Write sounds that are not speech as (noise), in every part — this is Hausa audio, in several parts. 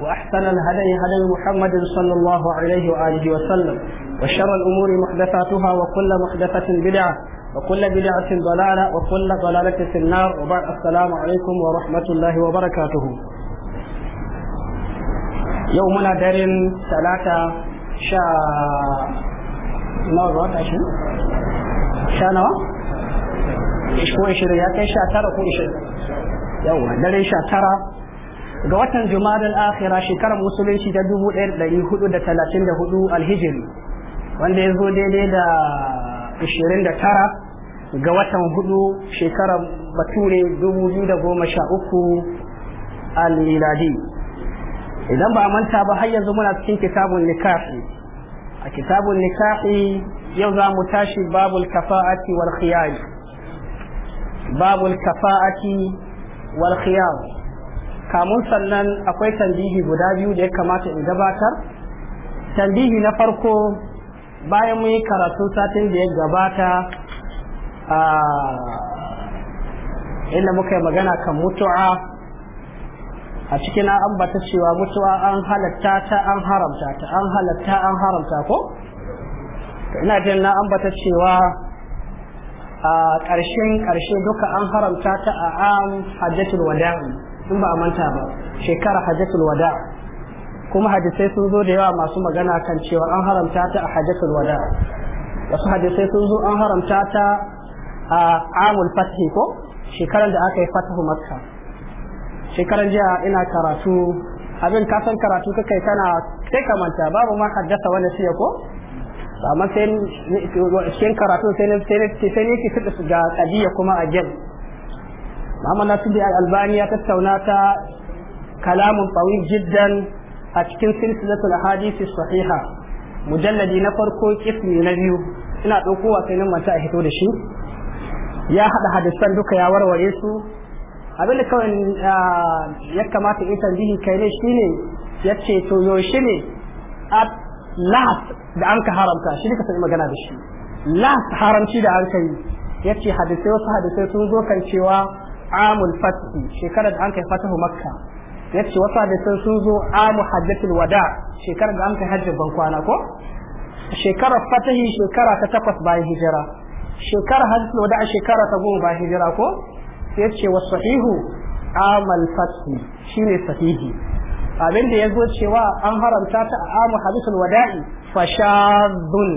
وأحسن الهدي هدي محمد صلى الله عليه وآله وسلم وشر الأمور محدثاتها وكل محدثة بدعة وكل بدعة ضلالة وكل ضلالة في النار وبعد السلام عليكم ورحمة الله وبركاته يومنا درين ثلاثة شا نوع شا نوع ko ishirin ya kai sha tara ko ishirin yawa daren sha tara ga watan jumadal akhira shekarar musulunci ta 1434 alhijiri wanda ya zo daidai da 29 ga watan hudu shekarar bature 2013 al-miladi idan ba a manta ba har yanzu muna cikin kitabun nikahi a kitabun nikahi yau za mu tashi babul kafa'ati wal khiyar babul kafa'ati wal khiyar kamun sannan akwai tambihi guda biyu da ya kamata in gabatar tambihi na farko bayan mun yi karatu satin da ya gabata a inda muka yi magana kan mutu'a a cikin an ambata cewa mutu'a an halatta ta an haramta ta an halatta an haramta ko ina jin na ambata cewa a ƙarshen ƙarshe duka an haramta ta a an hajjatul wada'i sun ba a manta ba shekara hajjatul wada kuma hadisai sun zo da yawa masu magana kan cewa an haramta ta a hajjatul wada wasu hadisai sun zo an haramta ta a amul fathi ko shekaran da aka yi fatahu makka shekaran jiya ina karatu abin ka san karatu ka kai kana sai ka manta babu ma haddasa wani siya ko amma sai shin karatu sai ne sai ne sai ne ki fita ga kadiya kuma a gem Muhammad Nasiru al-Albani ya tattauna ta kalamun tsawil jiddan a cikin silsilatul hadisi sahiha mujalladi na farko kismi na biyu ina ɗaukowa wa nan manta a hito da shi ya haɗa hadisan duka ya warware su abinda kawai ah, ya kamata in tambihi kai ne shine ya ce to yaushe ne at last da an ka haramta shi ka sani magana da shi last haramci da an kai ya ce hadisai wasu hadisai sun zo kan cewa amul fathi shekarar da an kai fatahu makka yace wasa da sun sun zo amu hajjatul wada shekarar da an kai hajjin ban kwana ko shekarar fatahi shekara ta takwas bayan hijira shekarar hajjatul wada shekara ta goma bayan hijira ko yace wasahihu amal fathi ne sahihi abin da ya zo cewa an haramta ta a amu hadisul wada'i fashadun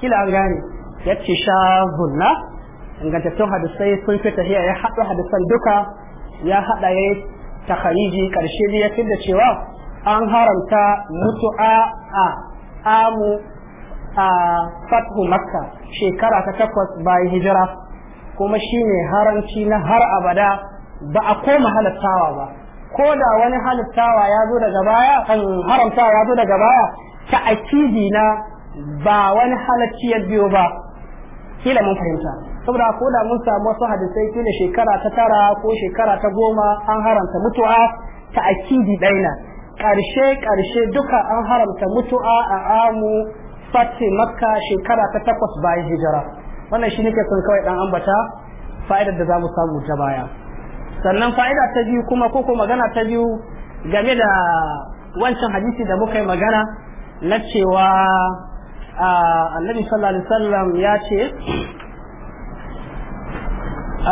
kila an gane yace shadun na ingantattun hadisai sun fi tafiya ya haɗa hadisan duka ya haɗa ya yi takhariji karshe ya fi da cewa an haramta mutu'a a amu a fathu makka shekara ta takwas bayan hijira kuma shi ne haramci na har abada ba a koma halittawa ba ko da wani halittawa ya zo daga baya an haramta ya zo daga baya ta akidi na ba wani halacci ya biyo ba kila mun fahimta saboda ko da mun samu wasu hadisai tun shekara ta tara ko shekara ta goma an haramta mutuwa ta akidi daina karshe karshe duka an haramta mutu'a a amu fati makka shekara ta takwas bayan hijira wannan shi nake son kawai dan ambata fa'idar da za mu samu ta baya sannan fa'ida ta biyu kuma ko magana ta biyu game da wancan hadisi da muka yi magana na cewa annabi sallallahu alaihi wasallam ya ce حديث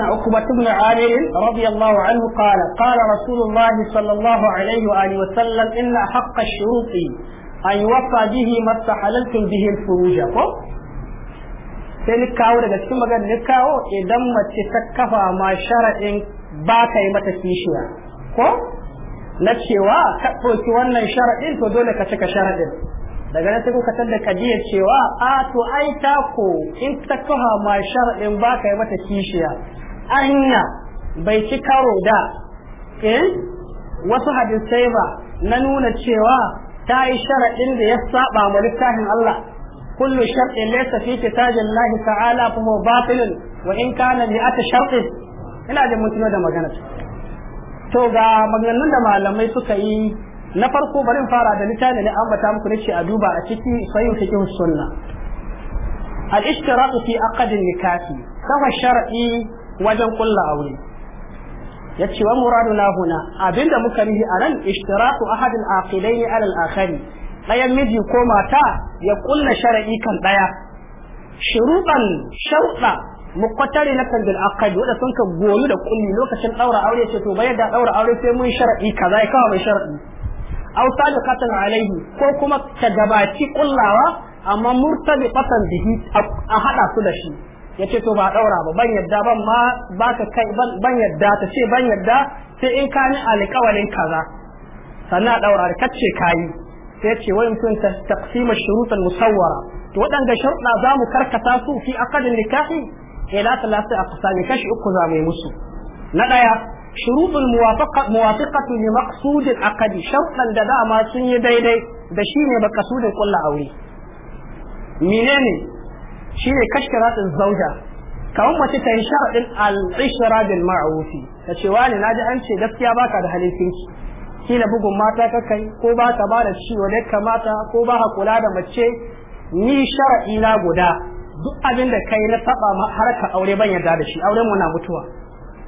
عقبة بن عامر رضي الله عنه قال قال رسول الله صلى الله عليه وآله وسلم إن حق الشروط أن يوفى به ما استحللتم به الفروج sai ni kawo daga cikin magana ni kawo idan mace ta kafa ma shara'in ba ka yi mata kishiya ko na cewa ka ɗauki wannan sharaɗin to dole ka cika sharaɗin daga nan sai kuka tada kadiya cewa a to ai ta ko in ta kaha ma sharaɗin ba ka yi mata kishiya anya bai ci karo da in eh, wasu hadisai ba na nuna cewa ta yi sharaɗin da ya saba ma littafin Allah kullu sharɗin laysa fi kitabillahi ta'ala fa huwa batilun wa in kana li'ata shar'in ina da mutuno da magana to ga maganganun da malamai suka yi na farko bari in fara da littafin ne bata muku ne a duba a ciki sayyid cikin sunna al-ishtiraq fi aqd nikahi kawa shar'i wajen kulla aure yace wa na huna abinda muka rihi anan ishtiraq ahad al-aqidayn ala al-akhar miji ko mata ya kulla shar'i kan ɗaya. shuruban shauɗa muqattari na kan bil aqd wanda sun ka goyu da kulli lokacin daura aure ce to bai da daura aure sai mun shar'i kaza ya kawo mai shar'i aw sadiqatan alaihi ko kuma ta gabaci kullawa amma murtabi qatan bihi a hada su da shi yace to ba daura ba ban yadda ban ma baka kai ban yadda ta ce ban yadda sai in ka ni alƙawarin kaza sannan daura kace kai sai ce wa yumkin taqsim ash-shurut al-musawwara to wadanga sharuɗa zamu karkata su fi aqd nikahi ila talata aqsami kashi uku za mu musu na ɗaya shurutul muwafaqa muwafiqatu li maqsudil aqdi shartan da dama sun yi daidai da shine ba kasudin kullu aure menene shine kashkaratin zauja kawai mace ta yi sharadin al-ishra bil ma'rufi ta ce wani ji an ce gaskiya baka da halin kinki kila bugun mata kai? ko ba ka ba da ciwo da kamata ko ba ka kula da mace ni shar'i na guda duk abin da kai na taba ma ka aure ban yarda da shi auren mu na mutuwa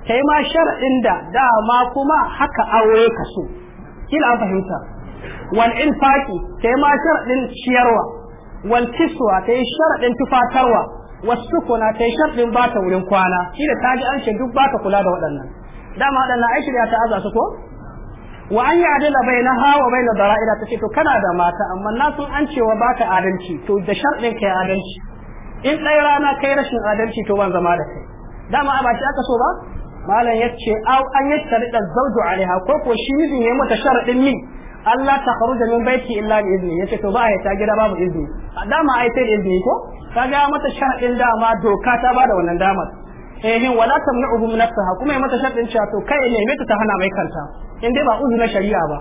kai ma shar'in da dama kuma haka aure ka so kila an fahimta wal infaqi kai ma shar'in ciyarwa wal kiswa kai shar'in tufatarwa wasukuna kai shar'in ta wurin kwana shi ta ji an ce duk baka kula da waɗannan dama waɗannan ai shirya ta aza su ko wa an yi adila bai na hawa bai na dara'ira ta ce to kana da mata amma na sun an cewa ba ta adalci to da sharɗin kai adalci in ɗaya rana kai rashin adalci to ban zama da kai dama a ba aka so ba malam yace au an yi yashtariɗa zawju alaiha ko ko shi mijin ya mata sharadin min Allah ta da min baiti illa bi Ya ce to ba a yi ta gida babu izini dama yi sai da izini ko kaga mata sharadin dama doka ta bada wannan damar ehin eh, wala tamna'uhu min nafsiha kuma ya mata sharadin cewa to kai ne mai ta hana mai kanta in dai ba uzuri na shari'a ba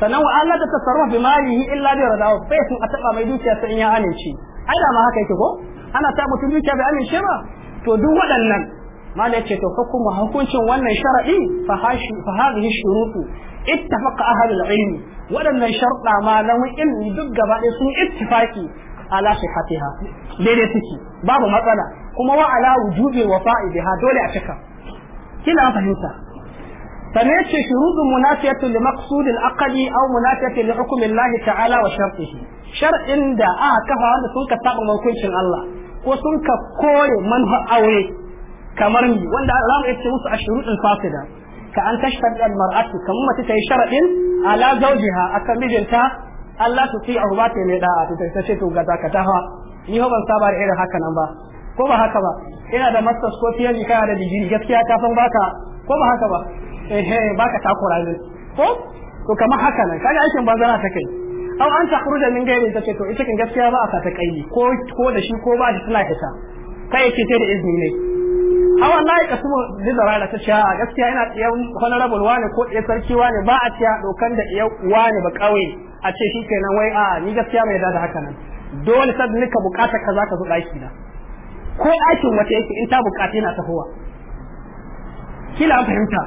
sannan wa Allah ta tasarrufa bi malihi illa bi radahu sai sun ataba mai dukiya sai in ya amince ai da ma haka yake ko ana sa mutum dukiya bai amince ba to duk waɗannan mala yace to fa kuma hukuncin wannan shar'i fa hashi fa hadhihi shurutu ittafaqa ahlul ilmi waɗannan sharɗa malamin ilmi duk gaba ɗaya sun ittifaki ala sihhatiha daidai suke babu matsala kuma wa ala wujubi wafa'iha dole a cika kina fahimta sannan yace shurudun munafiyatu li maqsudil aqli aw munafiyatu li hukmi Allah ta'ala wa shartihi shar'in da aka kafa wanda sun ka saba hukuncin Allah ko sun ka kore manfa aure kamar ni wanda za mu ce musu ashurudul fasida ka an tashhad al mar'atu kamar mace ta yi sharadin ala zawjiha akan mijinta Allah su fi abu ba ta mai da'a to ta ce to ga zakata ha ni ho ban saba da irin haka nan ba ko ba haka ba ina da masters ko PhD kana da digiri gaskiya ta san baka ko ba haka ba eh eh baka takura ne ko to kamar haka nan kaga aikin banzana ta kai aw an takhruja min gairin tace to ita kin gaskiya ba aka ta kaidi ko ko da shi ko ba shi tana fita kai ce sai da izini ne aw Allah ya kasu da zarara ta sha a gaskiya ina yau honorable wane ko ya sarki wane ba a tiya dokan da yau wane ba kawai a ce shi kenan wai a ni gaskiya mai da haka nan dole sai nika bukata kaza ka zo daki na ko aikin wata yake in ta bukata yana tafowa kila an fahimta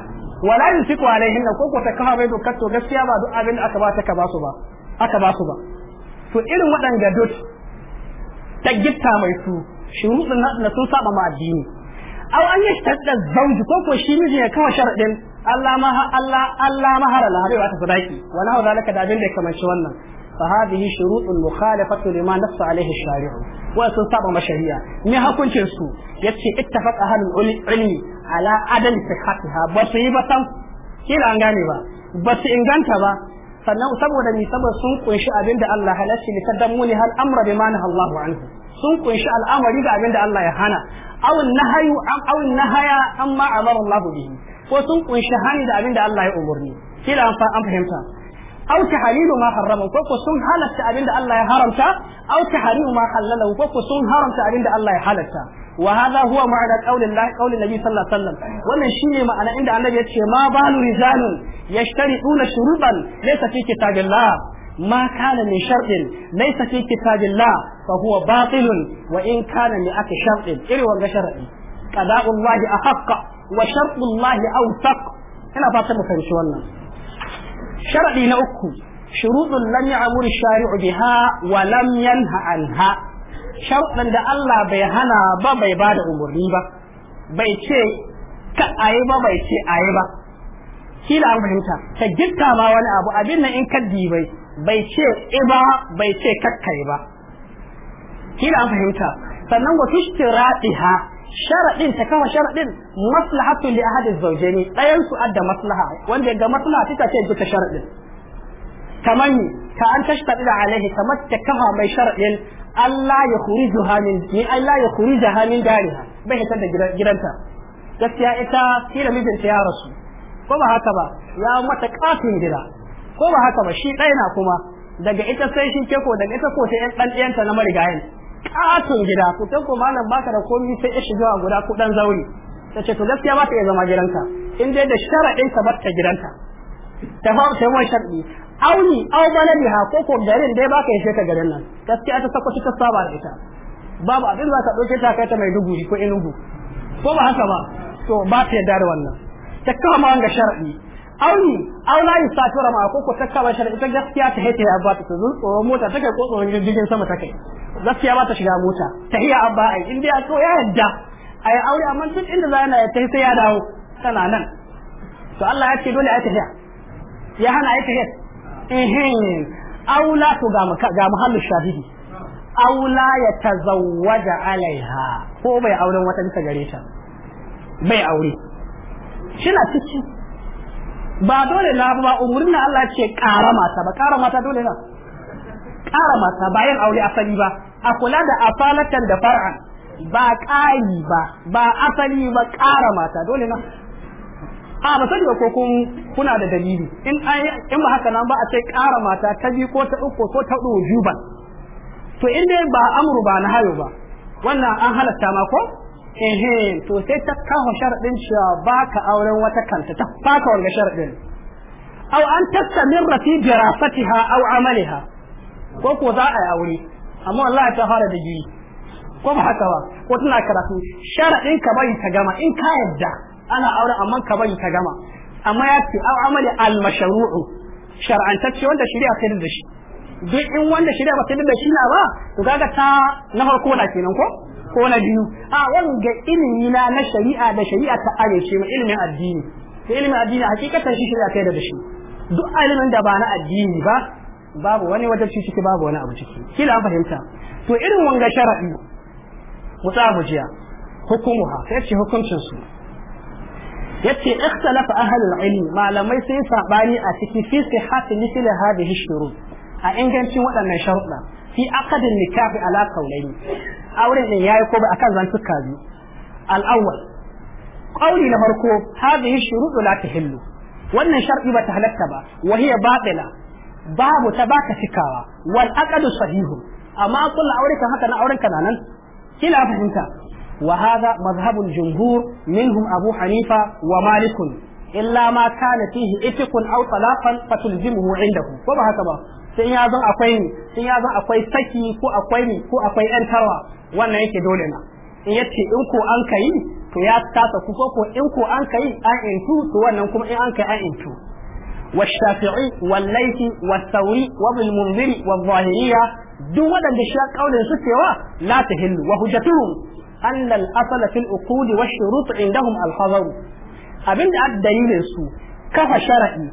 wala yusiku alaihinna ko ko ta kawo bai dokar to gaskiya ba duk abin da aka ba ta ka ba su ba aka ba su ba to irin waɗanga dot ta gitta mai su shuruɗin na sun saba ma addini aw an yi tadda zauji ko ko shi miji ya kawo sharadin Allah ma Allah Allah ma harala bai wata sadaki wala hawla laka da abin da kamar shi wannan فهذه شروط مخالفة لما نص عليه الشارع وأسن صعب مشاريع ما هكون شرسو يتشي اتفق أهل العلم على عدم صحتها بس يبطن ba ba با بس إنغانتا ba. sannan saboda ni saboda sun kunshi abin da Allah halacci li tadammuni hal amra bima nahallahu anhu sun kunshi al'amari da abin da Allah ya hana aw nahayu aw nahaya amma amara Allah bihi ko sun kunshi hani da abin da Allah ya umurni kila an fahimta aw tahlilu ma harrama ko ko sun halatta abin da Allah ya haramta aw tahrimu ma halalahu ko ko sun haramta abin da Allah ya halatta wa hadha huwa ma'ana qaulin nabi sallallahu wannan shine ma'ana inda annabi yace ma balu rijalun yashtariduna shuruban laysa fi kitabillah ma kana min shartin laysa fi kitabillah fa huwa batilun wa in kana min aki shartin wa shartullahi awsaq ina fata mu fahimci wannan sharadi na uku shurudun lam ya'muru shari'u biha wa lam yanha sharuɗan da Allah bai hana ba bai ba da umarni ba bai ce ka ayi ba bai ce ayi ba da an fahimta ka gitta ma wani abu abin nan in ka dibai bai ce i ba bai ce kakkai ba da an fahimta sannan wa tushtiraqiha sharaɗin ta kawa sharadin maslahatu li ahadi zawjaini dayan su adda maslaha wanda ga maslaha take ce duka sharadin kaman ka an tashtada alaihi kamar ta kafa mai sharaɗin. Allah ya kuriju juhamin ni Allah ya kuri hamin dariha bai hitar da gidanta gaskiya ita kila mijinta ya rasu ko ba haka ba ya mata katin gida ko ba haka ba shi ɗaya na kuma daga ita sai shi keko daga ita ko ta ɗan ɗiyanta na marigayen katin gida to kanko malam baka da komai sai ya shiga guda ko zaure. zauri ta ce to gaskiya ba ta iya zama gidanka in dai da sharaɗin ta bar ta gidanta ta sai mun sharbi auni au baladiha ko ko garin dai baka yi ta garin nan gaskiya ta sako ta saba da ita babu abin za ka dauke ta kai ta mai duguri ko inugu ko ba haka ba to ba ta yarda da wannan ta kama wanga sharbi auni au la satura ma ko ko ta kama sharbi ta gaskiya ta hete ya ta zun ko mota take ko tsoron jirgin sama take gaskiya ba ta shiga mota ta hiya abba ai in dai to ya yarda ai aure amma duk inda za na ya tafi sai ya dawo tana nan to Allah ya ce dole a tafiya ya hana ayi tahiyat ehin aula to ga ga muhallu shahidi aula ya tazawwaja alaiha ko bai auren wata ta gare ta bai aure shina ciki ba dole na ba umurin na Allah ce ƙara mata ba ƙara mata dole na ƙara mata bayan aure asali ba a kula da afalatan da far'an ba ƙari ba ba asali ba ƙara mata dole na a ba sani ba ko kun kuna da dalili in in ba haka nan ba a ce ƙara mata ta biyu ko ta uku ko ta uku juban to in dai ba amuru ba na hayo ba wannan an halatta ma ko ehe to sai ta kawo sharaɗin cewa ka auren wata kanta ta faka wanga sharaɗin aw an tastamirra fi dirasatiha aw amaliha ko ko za a yi aure amma wallahi ta fara da giri ko ba haka ba ko tana karatu sharaɗin ka bari ta gama in ka yadda ana aure amma ka bari ta gama amma ya ce a amali al mashru'u shar'antacce wanda shari'a ta da shi duk in wanda shari'a ba ta da shi na ba to kaga ta na farko da kenan ko ko na biyu a wanga ilimi na na shari'a da shari'a ta arece mu ilimin addini da ilimin addini hakikatan shi shari'a ta da shi duk ilimin da ba na addini ba babu wani wata ciki babu wani abu ciki kila an fahimta to irin wanga sharadi mu jiya hukumuha sai ce hukuncin su yace ikhtalafa ahlul ilmi malamai sai sabani a cikin fi sihhati mithli hadhihi shurut a ingancin waɗannan sharuɗa fi aqdin nikahi ala qawlayn auren din yayi ko ba akan zantuka biyu al-awwal qawli na farko hadhihi shurutu la tahillu wannan shar'i ba ta halatta ba wa hiya batila babu ta baka cikawa wal aqdu sahihu amma kullu aure kan haka na auren kana nan kila fahimta وهذا مذهب الجمهور منهم أبو حنيفة ومالك إلا ما كان فيه إفق أو طلاقا فتلزمه عنده وبهكذا sai ya zan akwai ni sai ya zan akwai saki ko akwai ni ko akwai yan tarwa wannan yake dole na in yace in ko an kai to ya tasa ku ko in ko an kai an intu to wannan kuma in an kai an intu والشافعي والليثي والثوري وابن المنذر والظاهرية دون ذلك قول سكوا لا تهل وهجتهم أن الأصل في الأقود والشروط عندهم الحظر أبين الدليل su kafa شرعي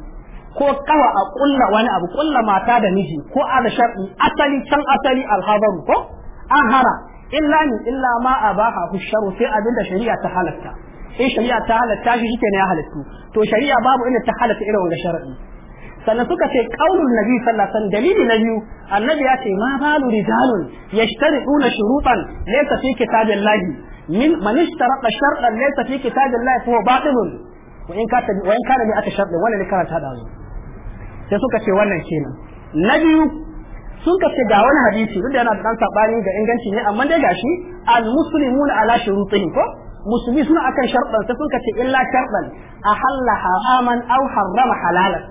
ko kawa a kulla wani abu kulla mata da miji ko a da shar'i asali can asali alhazaru ko an hara illa ni illa ma a ba ha husharu sai abinda shari'a ta halatta in shari'a ta halatta shi shike ne ya halattu to shari'a babu inda ta halatta irin wani shar'i sannan suka ce qaulun nabi sallallahu alaihi wasallam dalili na biyu annabi ya ce ma balu rijalun yashtariquna shurutan laysa fi kitabillahi min man ishtaraqa shartan laysa fi kitabillahi fa huwa batilun wa in kana wa in kana bi aka shartan wannan ne karanta da su sai suka ce wannan kenan na biyu sun ka ce ga wani hadisi duk da yana da dan sabani ga inganci ne amma dai gashi al muslimun ala shurutihim ko musulmi suna akan sharɗan sai sun ka ce illa sharɗan ahalla haraman aw harrama halalan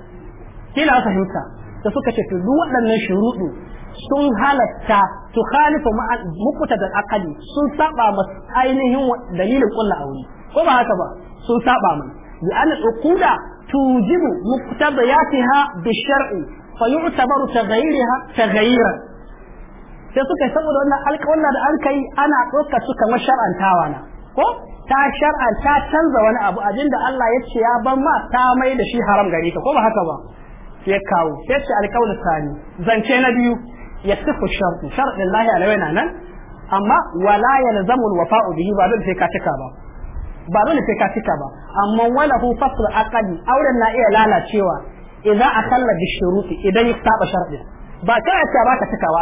kila fahimta da suka ce to duk waɗannan shuruɗu sun halatta su khalifa mukuta da akali sun saba ma ainihin dalilin kullu aure ko ba haka ba sun saba mai bi an uquda tujibu muktabiyatiha bi shar'i fa yu'tabaru taghayyirha taghayyiran sai suka saboda wannan alƙawalla da an kai ana ɗauka su kamar shar'antawa na ko ta shar'anta canza wani abu abinda Allah ya ce ya ban ma ta mai da shi haram gare ka ko ba haka ba Ya kawo sai ce alƙawul sani zance na biyu ya sifu shartu sharɗin lahi alawai na nan amma wala yalzamu wafa bihi ba dole sai ka cika ba ba dole sai ka cika ba amma wala hu fasl aqdi auren na iya lalacewa idan a akalla bi shuruti idan ya saba sharɗin ba ya ba ka yace ba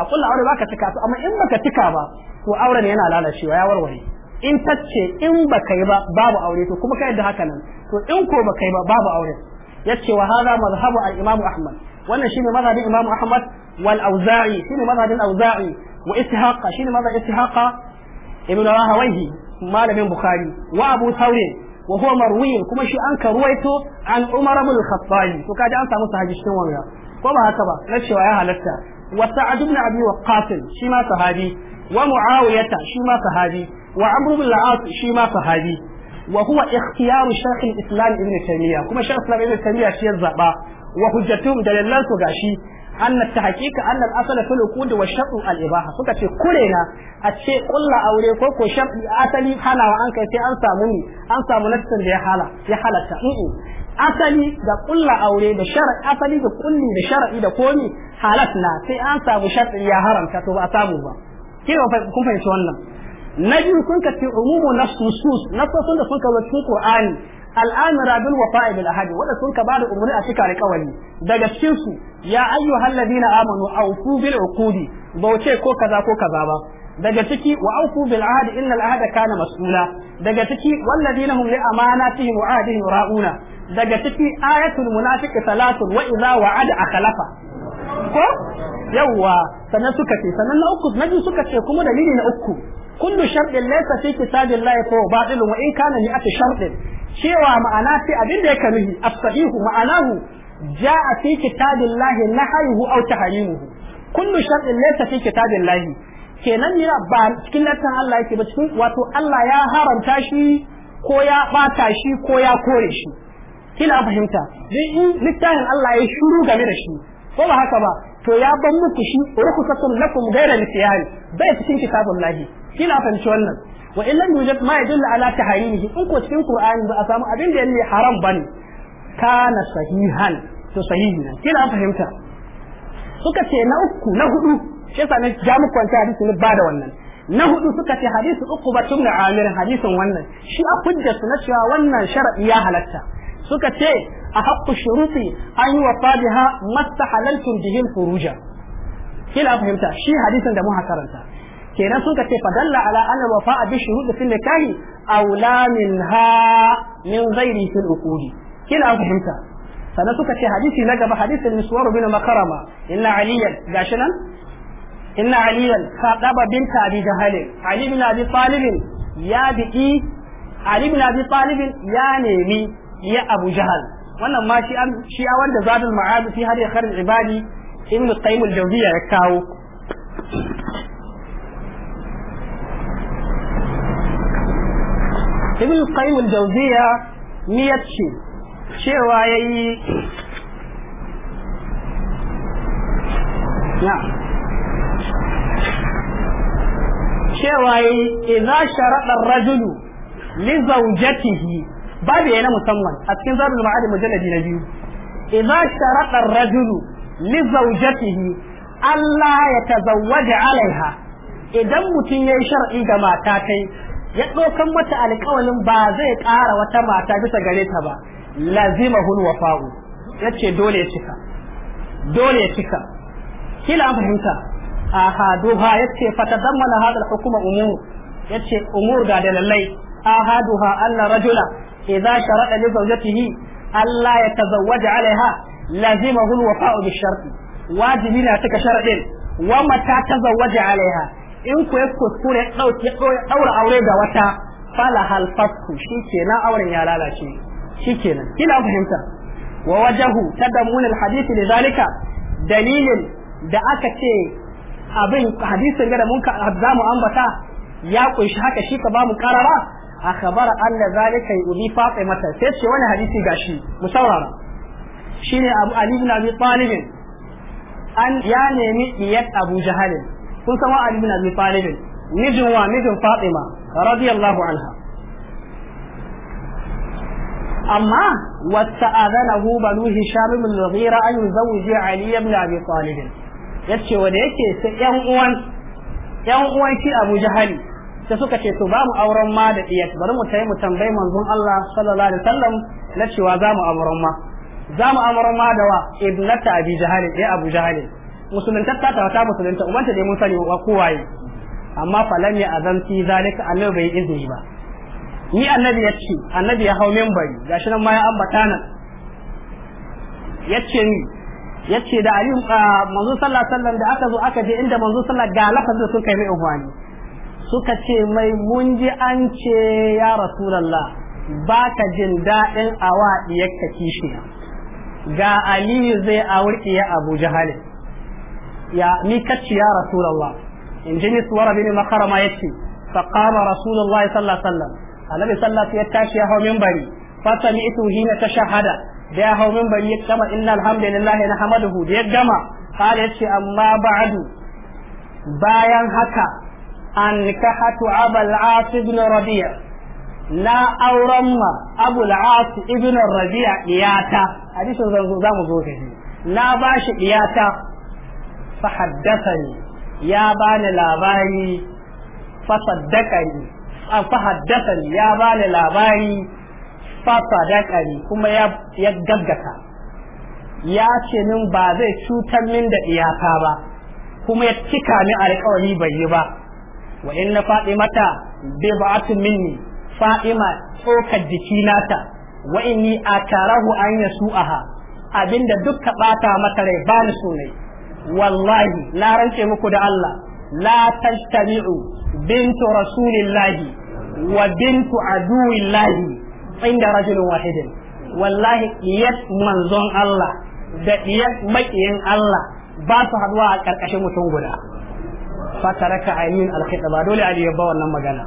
a kullu aure ba ka cika su amma in baka cika ba to auren yana lalacewa ya warware in tacce in baka yi ba babu aure to kuma kai da haka nan to in ko baka yi ba babu aure yace wa hadha madhhabu al-imam ahmad wannan shine madhhabin imam ahmad wal auza'i shine madhhabin auza'i wa ishaqa shine madhhab ishaqa ibn rahawayhi malamin bukhari wa abu thawrin wa huwa marwi kuma shi an karwaito an umar ibn al-khattab to kaji an samu sahabi cikin wannan ko ba haka ba na wa ya halatta wa sa'ad ibn abi waqqas shi ma sahabi wa muawiyata shi ma sahabi wa amr ibn al-as shi ma sahabi Wahuwa huwa ikhtiyaru shaykh in na ibn taymiya kuma shaykh al-islam ibn taymiya shi ya zaba wa hujjatum dalilan su gashi anna hakika anna al-asl fil uqud wa shartu al suka ce kurena a ce kulla aure ko ko sharti asali halawa an kai sai an samu da ya hala asali da kulla aure da shar'i asali da kulli da shar'i da komi halas na sai an samu shar'i ya haramta to ba a samu ba ke kun fahimci wannan na biyu kun ka ce umumu nafsus nafsun da sun ka zo cikin qur'ani al'amira bil wafa'i bil ahadi wanda sun ka bada umurni a cika alƙawari daga cikin su ya ayyuhal ladina amanu awfu bil uqudi bauce ko kaza ko kaza ba daga ciki wa awfu bil ahdi innal ahda kana mas'ula daga ciki walladina hum li amanatihim wa ahdihim ra'una daga ciki ayatul munafiqi salatun wa idza wa'ada akhlafa ko yawa sannan suka ce sannan na uku na suka ce kuma dalili na uku kullu sharɗin laysa fi kitabillahi fa batilun wa in kana ni ati sharɗin cewa ma'ana sai abin da yake nuhi as-sahihu ma'anahu ja'a fi kitabillahi nahayuhu aw tahrimuhu kullu sharɗin laysa fi kitabillahi kenan ni ba cikin lantan Allah yake ba cikin wato Allah ya haramta shi ko ya bata shi ko ya kore shi kila fahimta dan littafin Allah ya shiru game da shi ko ba haka ba to ya ban muku shi rukhsatun lakum ghayra nisyan bai cikin kitabun lahi kila fahimci wannan wa illam yujad ma yadullu ala tahrimihi in ko cikin qur'ani ba a samu abin da yake haram bane kana sahihan to sahihi ne kila fahimta suka ce na uku na hudu shi yasa ne ja mu wancan hadisi ne ba da wannan na hudu suka ce hadisi uku ba tun da amir hadisin wannan shi a hujja su na cewa wannan sharadi ya halatta suka ce a haqqu shuruti an yi wafa biha mastahalaltum bihil furuja kina fahimta shi hadisin da muka karanta kenan sun ka ce fadalla ala anna wafa'a bi shuhud fil nikahi aula minha min ghairi fil uqudi kina an fahimta sannan suka ce hadisi na gaba hadisin miswar bin makarama inna aliyan gashi nan inna aliyan kadaba bin tabi jahal ali bin abi talib ya bi'i ali bin abi talib ya nemi ya abu jahal wannan ma shi an shi wanda zadul ma'ad fi hadi khair ibadi ibn qayyim al-jawziya ya kawo ibn qayyim al-jawziya ni yace cewa yayi na cewa yayi idza sharada ar-rajulu li zawjatihi babu yana musamman a cikin zabul ma'ad mujalladi na biyu idza sharada ar-rajulu li zawjatihi Allah ya tazawwaja alaiha idan mutum ya yi shar'i ga mata kai ya ɗaukan mata alƙawalin ba zai ƙara wata mata bisa gare ta ba lazima hul wafa'u ya ce dole ya cika dole ya cika kila an fahimta a doha ya ce fata zammana hadar hukuma umur ya ce umur ga dalilai a haduha anna rajula idza sharaɗa li zawjatihi Allah ya tazawwaja alaiha lazima hul wafa'u bi sharti wajibi na cika sharaɗin wa mata tazawwaja alaiha in ku ya kuskure ya ɗaura aure da wata fala halfasku shi na auren ya lalace shi kenan kina fahimta wa wajahu tadammun alhadisi da zalika dalilin da aka ce abin hadisin gada da mun ka zamu ambata ya kunshi haka shi ka ba mu karara akhbara anna zalika yubi mata. sai ce wani hadisi gashi mu saurara ne abu ali ibn abi an ya nemi iyat abu jahalin kun san wa'ali bin abi talib mijin wa mijin fatima radiyallahu anha amma wasta'adhanahu banu hisham bin al-ghira an yuzawwiji ali ibn abi talib yace wanda yake sai yan uwan yan uwan shi abu jahali sai suka ce to ba auren ma da diyat bari mu tayi mu tambayi manzon Allah sallallahu alaihi wasallam na cewa za mu auren ma za auren ma da wa ibnata abi jahali ya eh, abu jahali musulunta ta ta ta musulunta ubanta dai mun sani wa kowaye amma falam ya azan fi zalika annabi bai izini ba ni annabi ya ce annabi ya hau membari gashi nan ma ya ambata nan ya ce ni ya ce da aliyu manzo sallallahu alaihi da aka zo aka je inda manzo sallallahu ga lafazin sun kai mai ihwani suka ce mai mun ji an ce ya rasulullah baka jin daɗin awa diyar ka kishiya ga aliyu zai awurki ya abu jahalin ya ni kacci ya rasulullah in ji ni suwara bin makarama yace fa qama rasulullah sallallahu alaihi wasallam annabi sallallahu alaihi wasallam ya tashi ya hawo minbari fa sami'tu hina tashahada da ya hawo minbari ya kama inna alhamdulillahi nahmaduhu da ya gama qala yace amma ba'du bayan haka an nikahatu abul as ibn rabi'a na auren ma abul as ibn rabi'a iyata hadisin zanzu zamu zo na bashi iyata Fahaddasani ya bani labari fa saddaqani Fahaddasani ya bani labari fa kuma ya ya gaggata ya ce min ba zai cutar min da iyaka ba kuma ya cika ni alƙawari bai yi ba wa inna fatimata bid'atun minni fatima tsokar jikina ta wa inni akarahu an yasu'aha abinda dukka bata mata rai ba ni so wallahi na rance muku da Allah la tajtami'u bintu rasulillahi wa bintu aduwillahi inda rajulun wahidin wallahi diyar manzon Allah da diyar makiyin Allah ba su haduwa a karkashin mutum guda fataraka ainihin alkhita ba dole wannan magana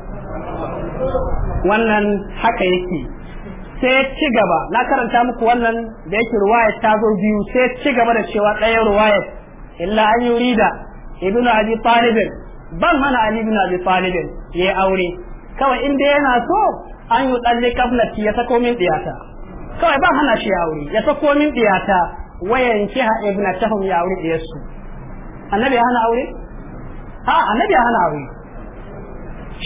wannan haka yake sai ci gaba na karanta muku wannan da yake ruwayar ta zo biyu sai ci gaba da cewa ɗaya ruwayar illa an da ibnu abi talib ban hana ali ibnu abi talib yayi aure kawai inda yana so an yi tsalle kablati ya sako min diyata kawai ban hana shi aure ya sako min diyata wayan kiha ibnu tahum ya aure yasu annabi hana aure ha annabi hana aure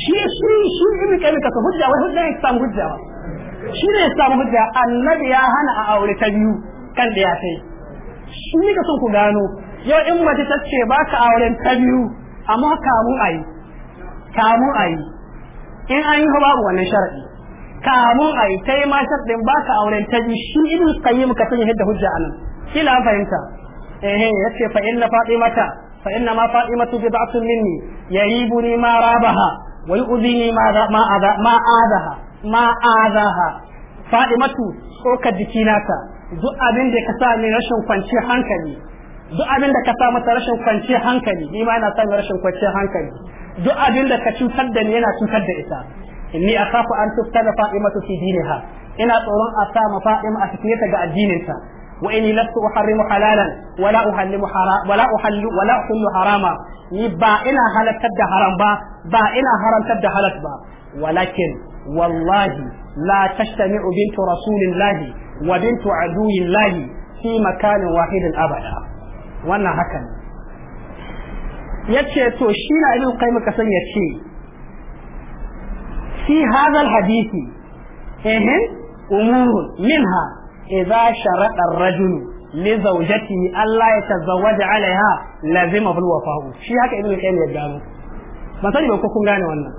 shi shi shi ibnu kabi ka hujja wai hujja ya samu hujja shi ne ya samu hujja annabi ya hana a aure ta biyu kan diyatai shi ne ka son ku gano yau in mace ta ce ba ka auren ta biyu amma kamu a yi kamu a yi in an yi ba wannan sharadi kamu a yi ta yi ma sharaɗin ba ka auren ta biyu shi ibn qayyim ka sanya yadda hujja anan kila fahimta eh eh yace fa inna fatimata fa inna ma fatimatu bid'atun minni yaribuni ma rabaha wa yu'dini ma ma adha ma adaha ma adaha fatimatu ko ka jikinata duk abin da ka sa ni rashin kwanciyar hankali duk abin da ka sa masa rashin kwanciyar hankali ni ma yana samun rashin kwanciyar hankali duk abin da ka cutar da ni yana cutar da ita inni akhafu an tuftala fa'imatu fi diniha ina tsoron a sa ma fa'ima a cikin ta ga addinin ta wa inni lastu uharrimu halalan wala uhallimu wala uhallu wala harama ni ba ina halartar da haram ba ba ina haramtar da halal ba walakin wallahi la tajtami'u bintu rasulillahi wa bintu aduwillahi fi makanin wahidin abada wannan hakan yace to shi na ibn qayyim ka san yace fi hadha alhadith ehin umur minha idza sharada ar-rajul li zawjatihi alla yatazawwaja 'alayha lazima fil wafa'u shi haka ibn qayyim ya gano ban sani ba ko kun gane wannan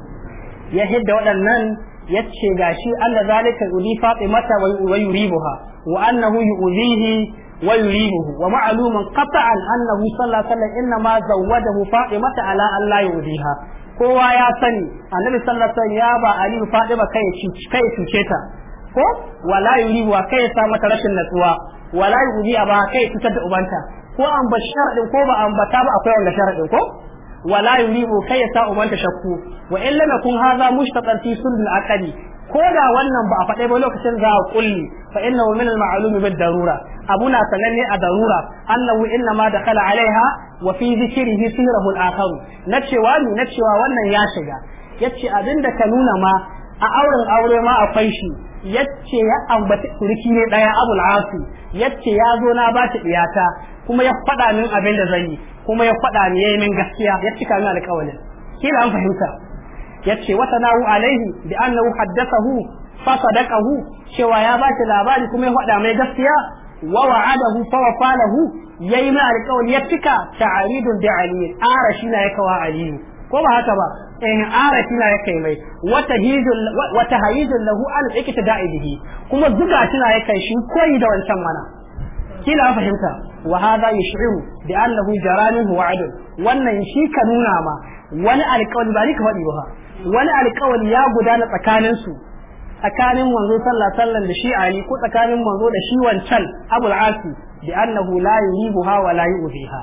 ya hidda waɗannan yace gashi Allah zalika yudi Fatimata wa yuribuha wa annahu yu'dhihi والليمه ومعلوم قطعا أنه صلى الله عليه وسلم إنما زوده فاطمة على أن لا يؤذيها kowa ya sani annabi sallallahu alaihi ya ba aliyu fadima kai kai cuce ta ko wala yuribu kai ya sa mata rashin natsuwa wala yuribu ba kai cutar da ubanta ko an ba sharadin ko ba an ba akwai wanda sharadin ko wala yuribu kai ya sa ubanta shakku wa illa nakun hadha mushtaqan fi sulh al ko da wannan ba a faɗe ba lokacin za a kulli fa innahu min al darura Abu na sananne a darura annahu inna ma kala. alaiha wa fi dhikrihi sihruhu al-akhar na cewa ni na cewa wannan ya shiga abin da ka nuna ma a auren aure ma akwai shi yace ya ambaci turki ne daya abul asi yace ya zo na ba ta iyata kuma ya faɗa min abin da zan yi kuma ya faɗa min yayi min gaskiya ya cika min alƙawarin kila an fahimta yace wa sanahu alaihi bi annahu haddathahu fa sadaqahu cewa ya ba shi labari kuma ya faɗa mai gaskiya wa wa'adahu fa wafa lahu yayi min alƙawari ya cika ta'aridun bi ali ara shi na yaka wa ali ko ba haka ba eh ara shi na yaka mai wata hijul wata hijul lahu al iktida'i bihi kuma zuga shi na yaka shi koyi da wancan mana kila fahimta wa hada yash'uru da annahu jaranin wa'ad wannan shi ka nuna ma wani alƙawari ba ni ka faɗi ba wani alƙawari ya gudana tsakaninsu tsakanin manzo sallallahu sallam da shi ali ko tsakanin manzo da shi wancan abu abul asi bi annahu la yuribuha wa la yu'fiha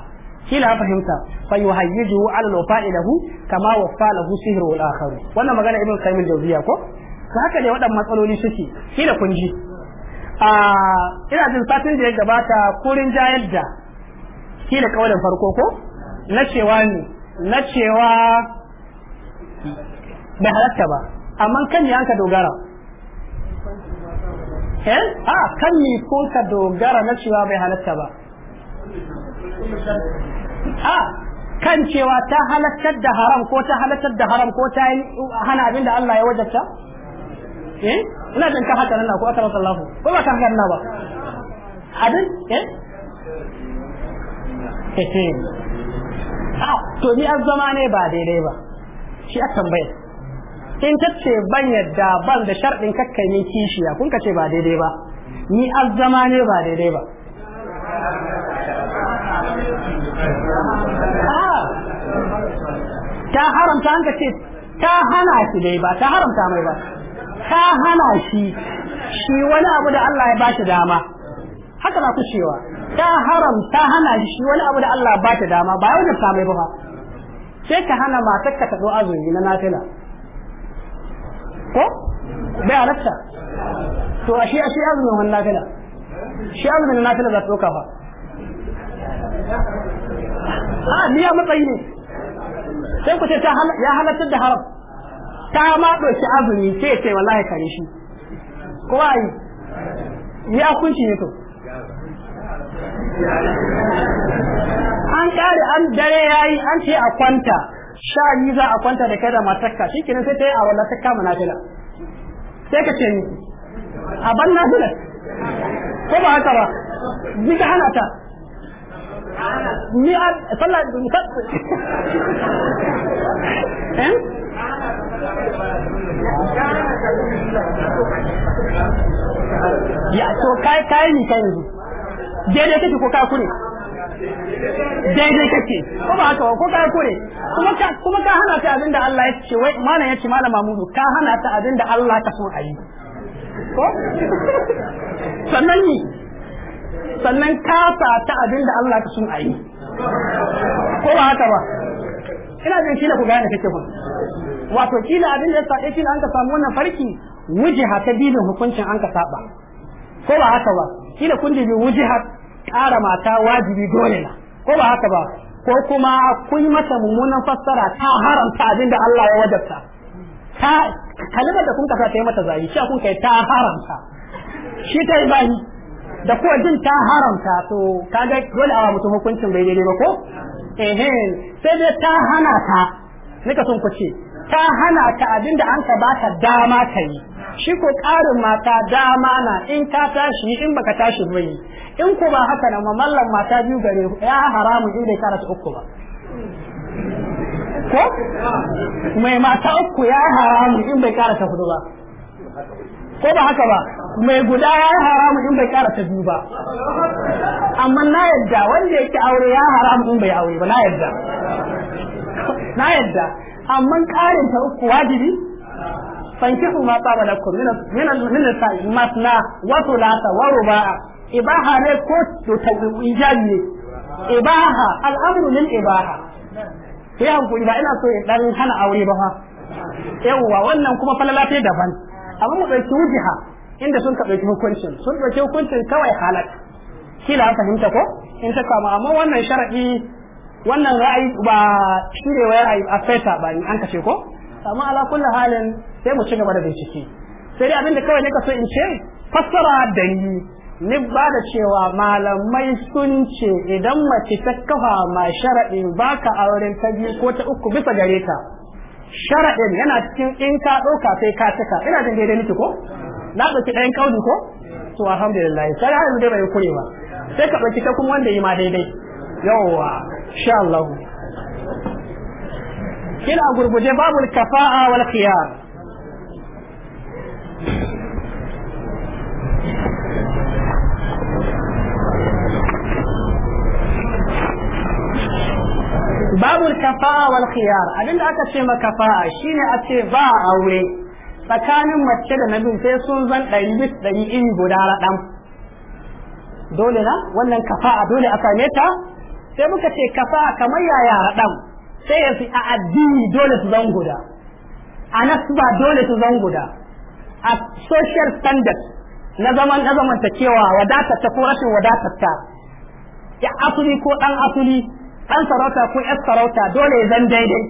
kila fahimta fa yuhayyidu ala wafa'i lahu kama wafa lahu sihru al akhar wannan magana ibn qayyim jawziya ko Ka haka ne waɗannan matsaloli suke kila kun ji a ina jin satin da ya gabata kurin jayar da kila kawalin farko ko na cewa ne na cewa bai halatta ba amma kan ne an ka dogara eh a kan ni ko ka dogara na cewa bai halatta ba a kan cewa ta halattar da haram ko ta halattar da haram ko ta hana abin da Allah ya wajarta. eh ina jin ka haka nan ko aka rasa Allah ko ba ka haka nan ba abin eh eh, eh. a to ni azzama ne ba daidai ba shi a tambayar in ta ce ban yadda ban da sharɗin kakkanin kishiya kun ka ce ba daidai ba ni azzama ne ba daidai ba ah! ta haramta an ka ce ta hana shi dai ba ta haramta mai ba ta hana shi shi wani abu da Allah ya ba shi dama haka na kushewa. ta haramta hana shi wani abu da Allah ya ba shi dama ba wani samai ba sai ka hana matakka ta zo azumi na nafila ko bai halatta to a shi a shi azumin wannan nafila shi azumin nafila za ta ɗauka ba a ah, niyya matsayi ne sai ku ce ya halattar da haram ta ma ɗauki azumi sai ce wallahi kare shi ko ai ya kunci ne to an kare an dare yayi an ce a kwanta sha biyu za a kwanta da kai da matakka shi kenan sai ta yi a wala ta kama nafila sai ka ce a ban nafila ko ba haka ba ni ka hana ta ni a sallah (laughs) eh ya to kai kai ni kai daidai kake ko ka kune daidai kake ko ba haka ko ka kore kuma ka kuma ka hana ta abinda Allah ya ce wai malam ya ce malam Mahmudu ka hana ta abinda Allah ka so a yi ko (laughs) sannan ni sannan ka sa ta abinda Allah ka so a yi ko ba haka ba ina jin kila ku gane kake ku. wato kila abin da ya sa kila an ka samu wannan farki wujiha ta dilin hukuncin an ka saba ko ba haka ba kila kun ji wujiha ƙara mata wajibi dole na ko ba haka ba ko kuma kun mata mummunan fassara ta haramta abin da Allah ya wajabta ta kalimar da kun kasa ta yi mata zayi shi kun kai ta haramta shi ta yi bayi da kuwa jin ta haramta to kaga dole a mutum hukuncin bai daidai ba ko eh sai dai ta hana ta nika sun ku ce ta hana ta abin da an ka ba ta dama ta yi shi ko ƙarin mata dama na in ka tashi in baka tashi bai in ko ba haka nan mamallan mata biyu gare ya haramu in bai karata uku ba ko mai mata uku ya haramu in bai karata hudu ba ko ba haka ba mai guda ya haramu in bai karata biyu ba amma na yadda wanda yake aure ya haramu in bai aure ba na yadda na yadda amma ƙarin ta uku wajibi fankihu ma ba lakum min min nisa'i masna wa thulatha wa ruba'a ibaha ne ko to tawijan ne ibaha al'amru lil ibaha sai hankuri ina so in dan hana aure ba fa yawwa wannan kuma falala ta daban amma mu dauki wujiha inda sun ka dauki hukuncin sun dauki hukuncin kawai halal kila an fahimta ko in amma wannan sharadi wannan ra'ayi ba shi ne a ba an kace ko amma ala kullu halin sai mu ci gaba da bincike sai dai abinda kawai ne ka so in ce fassara da ni ni ba da cewa malamai sun ce idan mace ta kafa ma sharaɗin baka auren ta biyu ko ta uku bisa gare ta sharaɗin yana cikin in ka ɗauka sai ka cika ina jin daidai miki ko na ɗauki ɗayan kauli ko to alhamdulillah sai har yanzu dai bai kure ba sai ka ɗauki ta kuma wanda yi ma daidai yawwa insha Allah كلا أقول بدي باب الكفاءة والخيار باب الكفاءة والخيار أبين أكثر ما كفاءة شين أكثر باع أولي فكانوا مكتب نبي في سنزل لنبس لنئين بدارة دم دولنا ولن كفاءة دولي أكاميتا سيبوك تي كفاءة كمية يا دم sai ya fi a addini dole su zan guda a nasba dole su zan guda a social standard na zaman na zamantakewa wadatar ta ko rashin wadatar ta ya asuli ko dan asuli dan sarauta ko yar sarauta dole ya zan daidai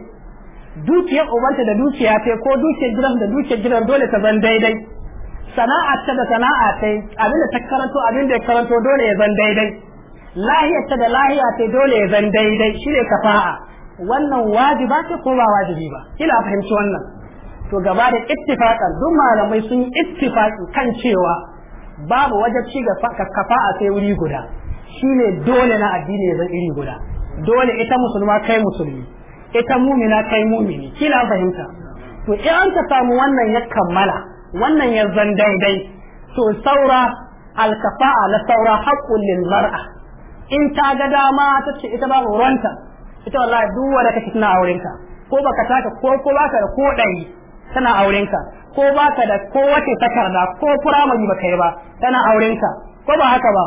dukiyar ubanta da dukiya ta ko dukiyar gidan da dukiyar gidan dole ta zan daidai sana'a ta da sana'a ta abin da ta karanto abin da ya karanto dole ya zan daidai lahiyar ta da lahiya ta dole ya zan daidai shi ne kafa'a wannan wajiba ce ko ba wajibi ba kila fahimci wannan to gaba da ittifaqan duk malamai sun yi ittifaqi kan cewa babu wajabci ga kafa'a sai wuri guda shine dole na addini ya zan iri guda dole ita musulma kai musulmi ita mumina kai mumini kila fahimta to in an ka samu wannan ya kammala wannan ya zan daidai to saura alkafa'a na saura haƙƙun lil mar'a in ta ga dama ta ce ita babu ruwanta ita wallahi duk wanda kake tana aurenka ko baka taka ko ko baka da ko dai tana aurenka ko baka da ko wace takarda ko firamare baka yi ba tana aurenka ko ba haka ba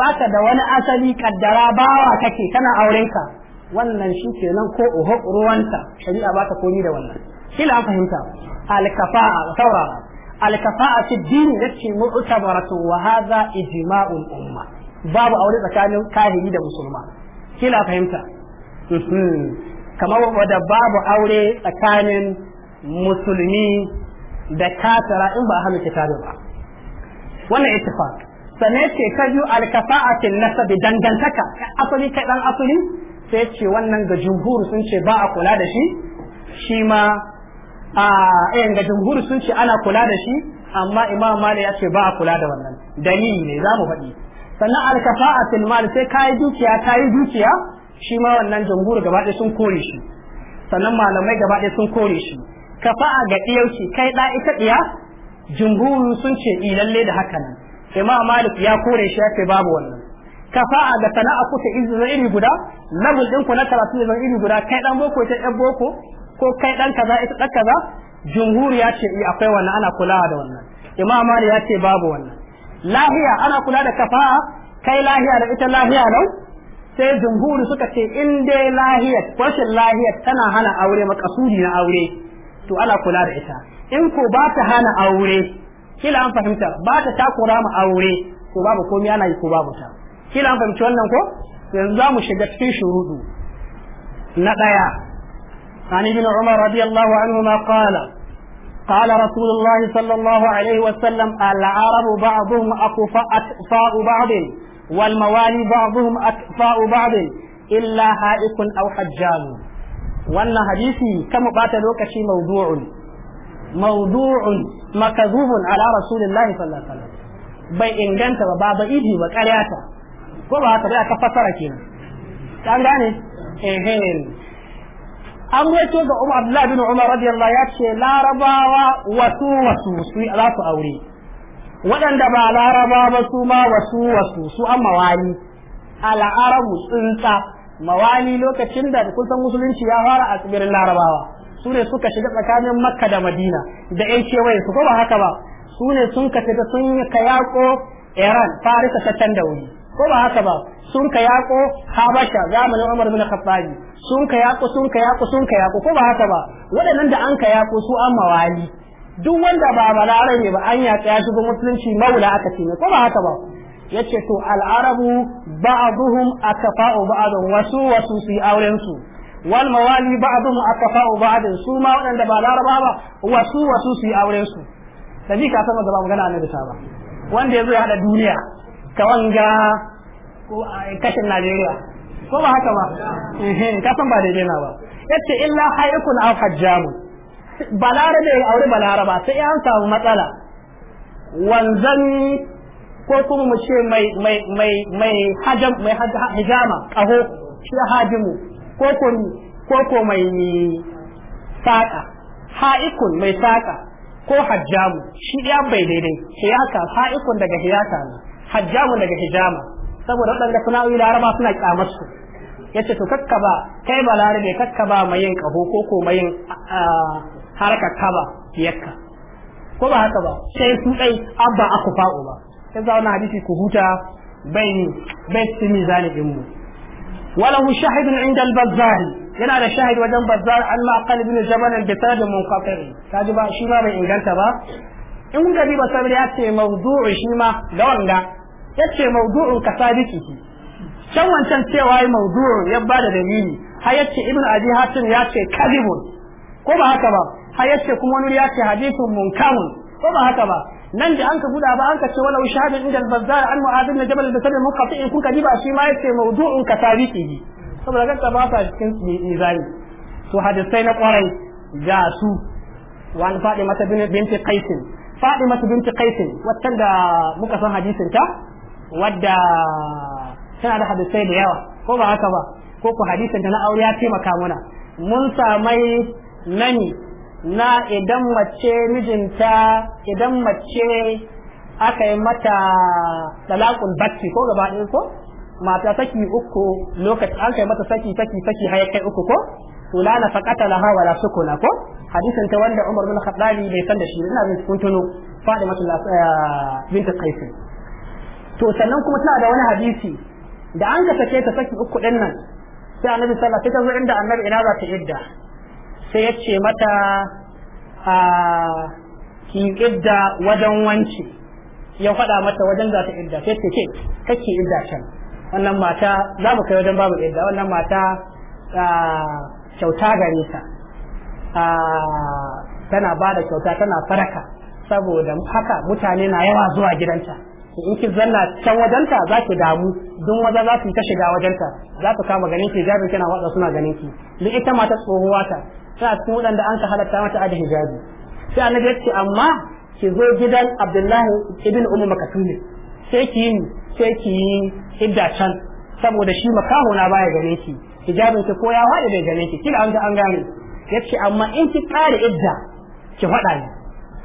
baka da wani asali kaddara bawa kake tana aurenka wannan shi kenan ko oho ruwanta shari'a ba ta komi da wannan shi an fahimta alkafa'a saurara alkafa'a fi dini yace mu'tabaratu wa hadha ijma'ul umma babu aure tsakanin kahiri da musulma kila fahimta Mhm. kamar wadda babu aure tsakanin musulmi da katara in ba hannu kitabu ba wannan ittifaq sannan ce ka biyu alkafa'atin nasabi dangantaka asali kai dan asali sai ce wannan ga jumhur sun ce ba a kula da shi shi ma a eh, ga jumhur sun ce ana kula da shi amma imam mali ya ce ba a kula da wannan dalili ne za mu faɗi sannan alkafa'atin mali sai yi dukiya yi dukiya shi ma wannan jamhur gaba ɗaya sun kore shi sannan malamai gaba ɗaya sun kore shi ka fa'a ga ɗiyauci kai ɗa ita ɗiya jumhuru sun ce i lalle da haka nan imam malik ya kore shi ya ce babu wannan ka fa'a ga sana'a ku ta izinin iri guda labul ɗinku na karatu zan iri guda kai ɗan boko ita ɗan boko ko kai ɗan kaza ita ɗan kaza jumhuru ya ce i akwai wannan ana kulawa da wannan imam malik ya ce babu wannan lahiya ana kula da kafa'a kai lahiya da ita lahiya lau sai jumhuri suka ce in dai lahiyar rashin lahiyar tana hana aure makasudi na aure to ana kula da ita in ko ba ta hana aure kila an fahimta ba ta takura ma aure ko babu komai ana yi ko babu ta kila an fahimci wannan ko yanzu za mu shiga cikin shurudu na ɗaya عن ابن عمر رضي الله عنهما قال قال رسول الله صلى الله عليه وسلم العرب بعضهم أكفاء بعض والموالي بعضهم أكفاء بعض إلا هائك أو حجان وأن حديثي كم بات لوكشي موضوع موضوع مكذوب على رسول bai inganta ba ba iji ba ƙaryata ko ba haka dai aka fassara kenan kan gane eh an wato ga Umar Abdullahi bin Umar radiyallahu ya ce larabawa wasu wasu su za su aure waɗanda ba laraba ba su ma wasu wasu su an mawali al'arabu tsinta mawali lokacin da kusan musulunci ya fara a tsibirin larabawa su ne suka shiga tsakanin makka da madina da yan kewaye su ko ba haka ba su ne sun ka shiga sun yi kayako iran farisa ta can da wuri ko ba haka ba sun ka yako habasha zamanin umar bin khattabi sun ka yako sun ka yako sun ka yako ko ba haka ba waɗannan da an ka yako su an mawali duk wanda ba ne ba an yaƙi ya ba musulunci maula aka ce ko ba haka ba yace to al'arabu ba'duhum akafa'u ba'dun wasu wasu su auren su wal mawali ba'duhum akafa'u ba'dun su ma wanda ba laraba ba wasu wasu su auren su da ka san da ba magana da ta ba wanda yazo ya hada duniya ka wanga kashin Najeriya ko ba haka ba ka san ba daidai na ba yace illa haikun aw hajjamun a wuri aure ba sai an samu matsala wanzan ko kuma mu ce mai mai mai mai hajam mai hijama kaho shi hajimu ko ko ko ko mai saka ha'ikun mai saka ko hajjamu shi ya bai daidai shi haka ha'ikun daga hiyata ne hajjamu daga hijama saboda suna yi laraba suna kyamar su yace to kakkaba kai balare kakka ba mai yin kaho ko ko mai yin harkar kaba yakka ko ba haka ba sai su dai abba aku fa'u ba yanzu wannan hadisi ku huta bai bai cikin mizanin din mu وله شاهد عند البزاري ينا هذا شاهد وجن بزار أن da بن جبل بسند منقطع كاجبا شيما بين إنجلتا ba. in kuka ba sabir ya ce mawdu'u shi ma ga wanda ya ce mawdu'u ka sadiki can wancan cewa ya mawdu'u ya ba da dalili har ya ce ibn abi hatim ya ce kadibun ko ba haka ba har yace kuma wani ya ce hadithun munkarun ko ba haka ba nan da an ka guda ba an ka ce wala ushahadin inda al-bazzar an mu'adhin na jabal basar munqati kun ka diba shi ma yace mawdu'un ka tarihi saboda kanka ba ta cikin mizani to hadisai na kwarai ga su wani fadi mata binti qaisin faɗi mata binti qaisin wacce da muka san hadisin ta wadda tana da hadisai da yawa ko ba haka ba ko ku hadisin ta na aure ya taimaka muna mun samai nani na idan mace mijinta idan mace aka yi mata talakun bakki ko gaba ɗin ko mata saki uku lokaci an kai mata saki saki saki har kai uku ko to la na la hawa wala sukuna ko hadisin ta wanda Umar bin Khattab bai san da shi ina jin kun tuno la eh, Binta Qais to sannan kuma tana da wani hadisi da an ka sake ta saki uku din nan sai Annabi sallallahu alaihi wasallam ta zo inda Annabi ina za ta idda sai ya ce mata a ki idda wajen wanci ya faɗa mata wajen za ta idda sai ce ke kake idda can wannan mata za mu kai wajen babu idda wannan mata kyauta gare ta tana ba da kyauta tana faraka saboda haka mutane na yawa zuwa gidanta in ki zanna can wajenta za ki damu don waza za su ta shiga wajenta za su kama ganin ki jabir kina watsa suna ganin ki duk ita mata tsohuwa ta ta cikin waɗanda an ka halatta mata a da hijabi sai annabi ya ce amma ki zo gidan abdullahi ibn umu makatumi sai ki yi sai ki yi idda can saboda shi makaho na baya gare ki hijabin ki ko ya faɗi bai gare ki kila an ga an gane ce amma in ki ƙara idda ki faɗa ni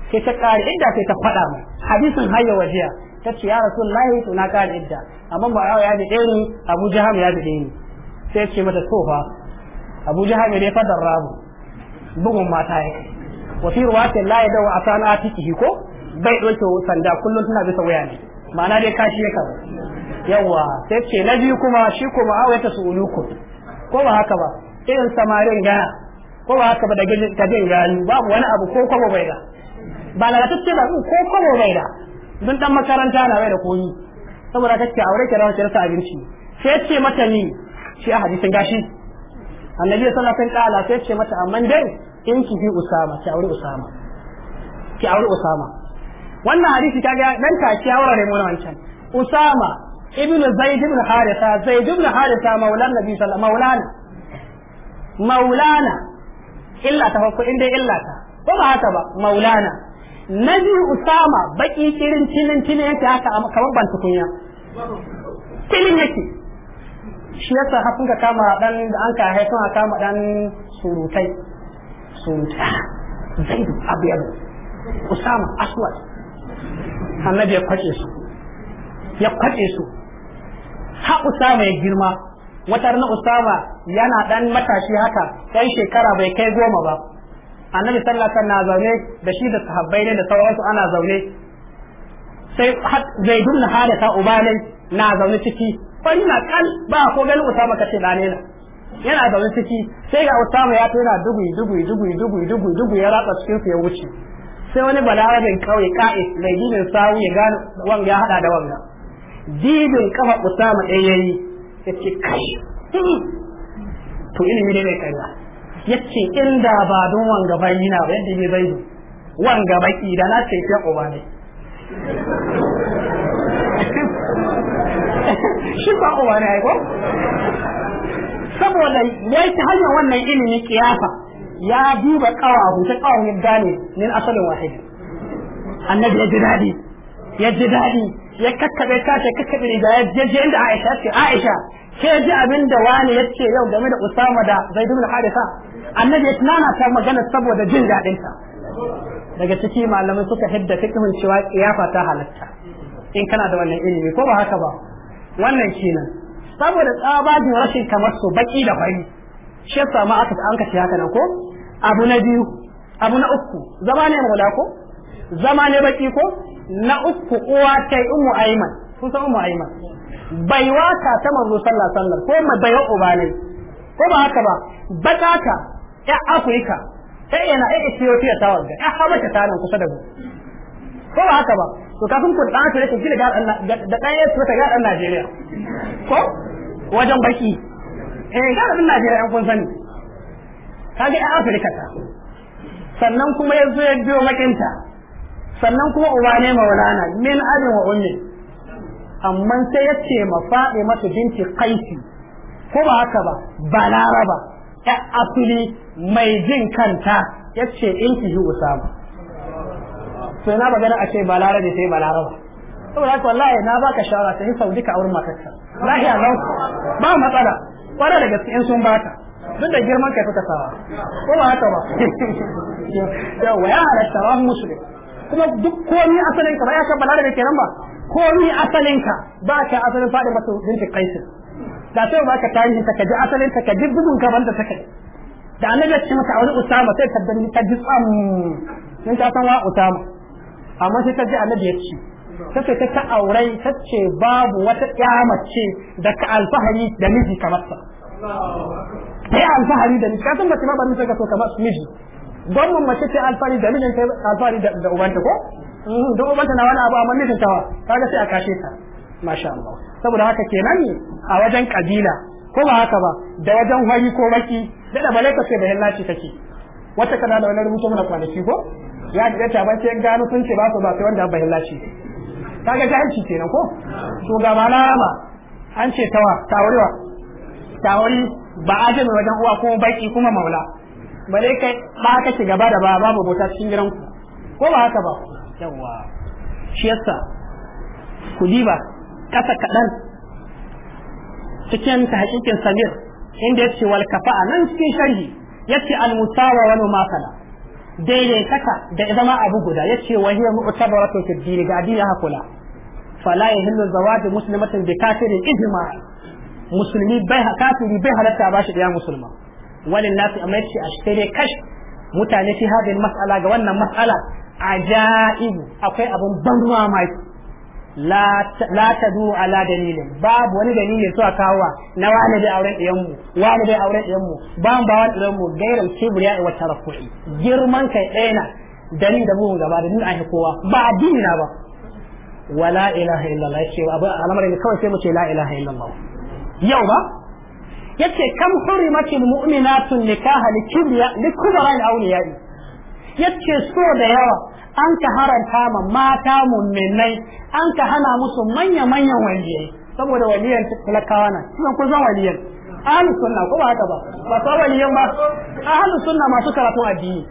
sai ta ƙara idda sai ta faɗa mai hadisin hayya wajiya ta ce ya rasu lahi to na ƙara idda amma ba ya daɗe ɗaya ni abu jaham ya daɗe ɗaya ni sai ce mata to fa abu jaham ne fadar rabu bugun mata ya kai wa fi ruwatin la yadaw asana atikihi ko bai doke sanda kullun tana bisa waya ne ma'ana dai kashi ya kawo yawa sai ce na biyu kuma shi kuma awayata su uluku ko ba haka ba irin samarin gana ko ba haka ba da gajin gani babu wani abu ko kwabo bai da ba na ce ba ko kwabo bai da don dan makaranta na bai da koyi saboda ta ce aure kira wacce rasa abinci sai ce mata ni shi a hadisin gashi annabi sallallahu alaihi wasallam sai ce mata amman dai in ki fi usama ki aure usama ki aure usama wannan hadisi kaga nan ki aure ne mu wancan usama ibnu zaid ibn haritha zaid ibn haritha maulana nabi sallallahu alaihi maulana maulana illa ta farko inda illa ta ko ba haka ba maulana nabi usama baki kirin tinin tinin yake haka kamar ban tukunya tinin yake shi yasa hafin ka kama dan an ka haifin a kama dan surutai soja zai abiyar usama aswad annabi ya kwace su ya kwace su ha usama ya girma wata na usama yana dan matashi haka dan shekara bai kai goma ba annabi sallallahu alaihi na zaune da shi da sahabbai ne da sauransu ana zaune sai zaidun na halata ubalin na zaune ciki fari na kal ba ko ganin usama kace dane na yana da wani ciki sai ga Usama ya tona dugui dugui dugui dugui dugui dugui ya ratsa cikin ya wuce sai wani balarabin kauye ka'is mai dinin sawu ya gano, wan ya hada da wannan didin kafa Usama ɗaya yayi yace kai hmm, to ilimi ne mai kaza yace inda ba don wanga bai yana ba yadda bai bai wanga baki da na ce ta uba ne (laughs) shi ba uba ne ai ko saboda ya ta hanyar wannan ilimi kiyafa ya duba kawahu ta kawahun ya gane min asalin wahidi annabi ya ji daɗi ya ji daɗi ya kakkaɓe kace kakkaɓe riga ya je inda Aisha ce Aisha ke ji abin da wani ya ce yau game da Usama da Zaid ibn Haritha annabi ya tunana ta magana saboda jin daɗin sa. daga ciki malamai suka hidda fiqhun cewa kiyafa ta halatta in kana da wannan ilimi ko ba haka ba wannan kenan saboda tsabajin rashin kamar su baki da bari shi ya ma aka an kace haka ko abu na biyu abu na uku zama ne mula ko zama ne baki ko na uku uwa kai ummu aiman kun san ummu aiman bai ka ta manzo sallallahu alaihi wasallam ko mai baiwa uba ne ko ba haka ba bakata ya afrika sai yana a ethiopia ta wanda ya habasha ta nan kusa da mu ko ba haka ba to kafin ku da ta rashin gida ga da dan su ta ga dan Najeriya ko wajen baki eh da Najeriya yan kun sani kaga yan Afirka ta sannan kuma yanzu ya biyo makinta sannan kuma uba ne maulana min abin wa ummi amma sai ya ce ma faɗi mata binti Qaisi ko ba haka ba balaraba ya asuli mai jin kanta yace in ki hu usama sai na magana a ce balarabe sai balaraba saboda haka wallahi na baka shawara ta yi saudi ka auren matarka lahiya lau ba matsala kwana da gaske in sun bata duk da girman kai suka sawa ko ba haka ba (laughs) yawa ya halatta wa musulmi kuma duk komi asalin ka ba ya kabbala da kenan ba komi asalin ka ba ka asalin fadi mata binti kaisin da sai ba ka tarihin ka kaji asalin ta kaji bugun gaban da take da annabi ya ce mata wani usama sai ta dan ta ji tsam sun ta san wa usama amma sai ta ji annabi ya ce sai ta ta aurai tace babu wata kyamace da ka alfahari da miji kamar sa Ya alfahari da miji kasan mace ma ba miji ka so kamar miji don mun mace ce alfahari da miji ta alfahari da ubanta ko mm, don ubanta na wani abu amma mijin tawa kaga sai a kashe ta masha Allah saboda haka kenan a wajen kabila ko ba haka ba da wajen hwari ko baki da da balaika sai da hillaci kake wata kana da wani rubutu mana kwanaki ko ya da ta ba sai gano sun ce ba su ba sai wanda ba hillaci kaga jahilci kenan ko to ga malama an ce tawa tawariwa tawari ba ajin wajen uwa ko baki kuma maula bare kai ba kake gaba da ba babu bota cikin gidan ku ko ba haka ba yawa shi yasa ku diba kasa kadan cikin hakikin samir inda yace wal kafa'a nan cikin sharhi yace al musawa wal masala kaka da zama abu guda yace wa hiya mu'tabaratu fi dini ga dini hakula fala yahillu zawadu muslimatin bi kafirin ijma musulmi bai kafiri bai halatta ba shi da musulma walin nafi amma ce a shi dai kash mutane fi hadin mas'ala ga wannan mas'ala ajaibu akwai abin ban mamaki la ta duru ala dalilin babu wani dalili su a kawo na wani da auren ɗiyanmu wani da auren ɗiyanmu ba mu ba wani ɗiyanmu gairan kibriya wa tarafu'i girman kai ɗaya na dalil da bugun gaba da nuna ake kowa ba addini na ba wa la ilaha illallah yace abu ne kawai sai mu ce la ilaha illallah yau ba yace kam hurimatil mu'minatun nikaha likibriya likubara al-awliya yace so da yawa an ka haranta ma mata mumminai an ka hana musu manya-manyan waliyai saboda waliyan talakawa na cikin kun san waliyan ahlus sunna ko ba haka ba ba sa waliyan ba ahlus sunna masu karatun addini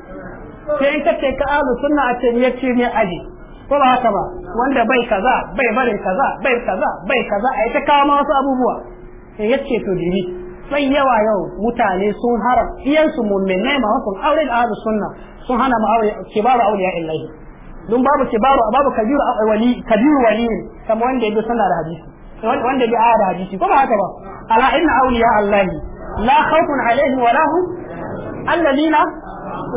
sai in kace ka ahlus sunna a ce ya ce ne aji ko ba haka ba wanda bai kaza bai barin kaza bai kaza bai kaza a ita kawo ma wasu abubuwa sai ya ce to dini sai yawa yau mutane sun hara, iyansu mu'minai ma wasu aure da ahlus sunna sun hana ma aure kibaru auliya illahi dun babu kibaru babu kabiru wali kabiru wali kamar wanda ya bi sunna da hadisi wanda ya bi aya da hadisi ko ba haka ba ala inna auliya allahi la khawfun alaihim wa lahum alladina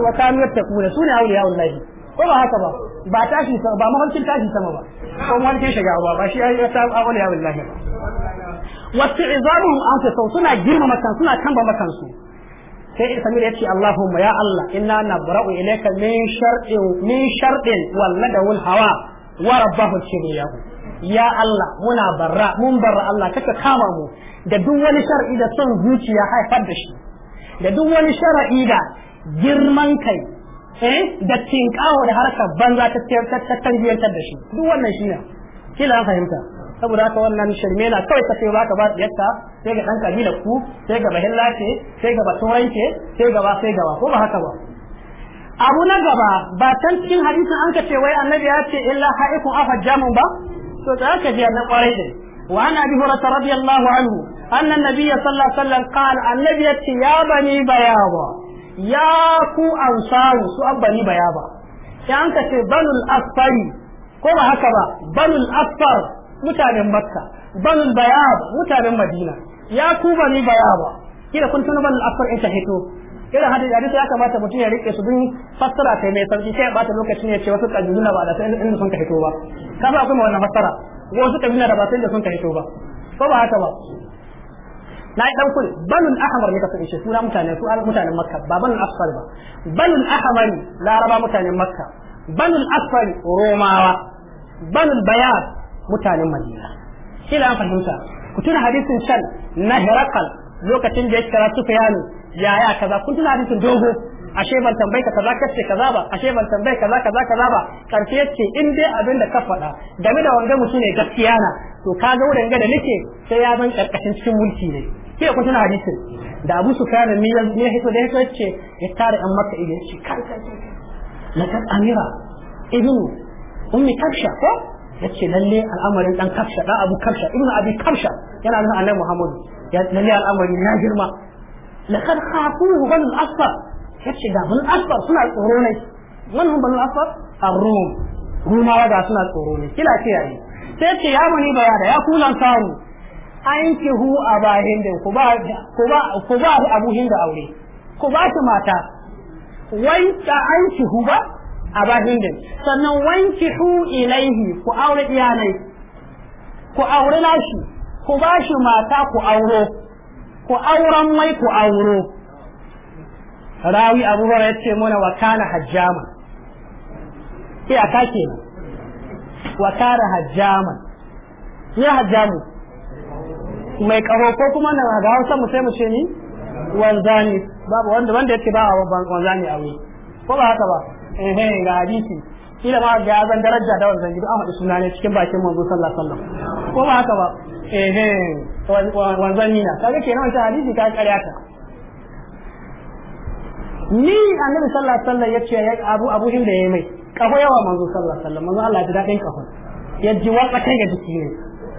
wa kanu yattaquna sunu auliya allahi ko ba haka ba ba tashi ba mahalcin tashi sama ba ko ke shiga ba ba shi ya ta auliya wallahi wasu izamun an sau suna girmama kansu suna kamba kansu sai Samir ya ce Allahumma ya Allah inna nabra'u ilayka min shar'in min shar'in walladawul hawa wa rabbahu kibriyahu ya Allah muna barra mun barra Allah kaka kama mu da duk wani shar'i da son zuciya haifar da shi da duk wani shar'i da girman kai eh da tinkawo da harkar banza ta tarbiyyantar da shi duk wannan shi ne kila fahimta saboda haka wannan shirme na kawai ka sai ba ka ba diyarta sai ga dan kabilar ku sai ga mahilla ce sai ga baturan ce sai gaba sai gaba ko ba haka ba abu na gaba ba can cikin hadisin an ka ce wai annabi ya ce illa ha'ikun afa jamun ba to da aka ji na kwarai din wa an abi hurairah radiyallahu anhu anna nabiyya sallallahu alaihi wasallam qala annabi ya ce ya bani bayaba ya ku ansaru su abani bayaba sai an ka ce banul asfari ko ba haka ba banul asfar mutanen makka banul bayab mutanen madina ya ku bani bayaba kira kun tuna banul afar in ta hito irin hadisi hadisi ya kamata mutum ya rike su bin fassara ta mai sarki sai ya bata lokacin ya ce wasu kabilu na ba da sai inda sun ka hito ba kafa akwai ma wannan fassara wasu kabilu da ba sai inda sun ka hito ba ko ba haka ba na yi ɗaukul banul ahmar ne ka sani suna mutane su mutanen makka ba banul asfar ba banul ahmar laraba mutanen makka banul asfar romawa banul bayan. mutanen madina kila an fahimta ku tuna hadisin can na herakal lokacin da ya kira sufiyanu yaya kaza kun tuna hadisin dogo ashe ban tambayi ka kaza kace kaza ba ashe ban tambayi kaza kaza kaza ba karshe yace in dai abin da ka faɗa game da wanga mutum ne gaskiya na to ka ga wurin da nake sai ya zan karkashin cikin mulki ne ke kun tuna hadisin da Abu Sufyan ne ya ne hito da hito yace ya tare an maka idan shi kan kan lakat amira ibnu ummi kabsha ko yace lalle al'amarin dan kafsha da abu kafsha ibn abi kafsha yana nuna annabi muhammadu ya lalle al'amari ya girma laqad khafuhu banu al-asfar yace da banu al-asfar suna tsoro ne wannan banu al-asfar ar-rum rumawa da suna tsoro ne kila ce yayi sai yace ya muni bayana ya kulan samu an ki hu a ba da ku ba ku ba ku ba abu hinda aure ku ba ta mata wai ta an ki hu ba abahindin sannan wanki hu ilaihi ku aure iyalai ku aure nashi ku bashi mata ku auro ku auren mai ku auro rawi abu ya ce mana wa kana hajjama iyaka kenan wa kana hajjama ya hajjamu mai karo ko kuma na ga hausa mu sai mu ce ni wanzani babu wanda wanda yake ba wanzani aure ko ba haka ba eh ga hadisi kila ma ga zan daraja da wannan gidan Ahmad suna ne cikin bakin manzo sallallahu alaihi wasallam ko ba haka ba eh eh wanzan nina kaga kenan wannan hadisi ka karya ta ni annabi sallallahu alaihi wasallam yace ya Abu Abu Himda yayi mai kafa yawa manzo sallallahu alaihi wasallam manzo Allah ya ji dadin kafa ya ji wa kai ga jiki ne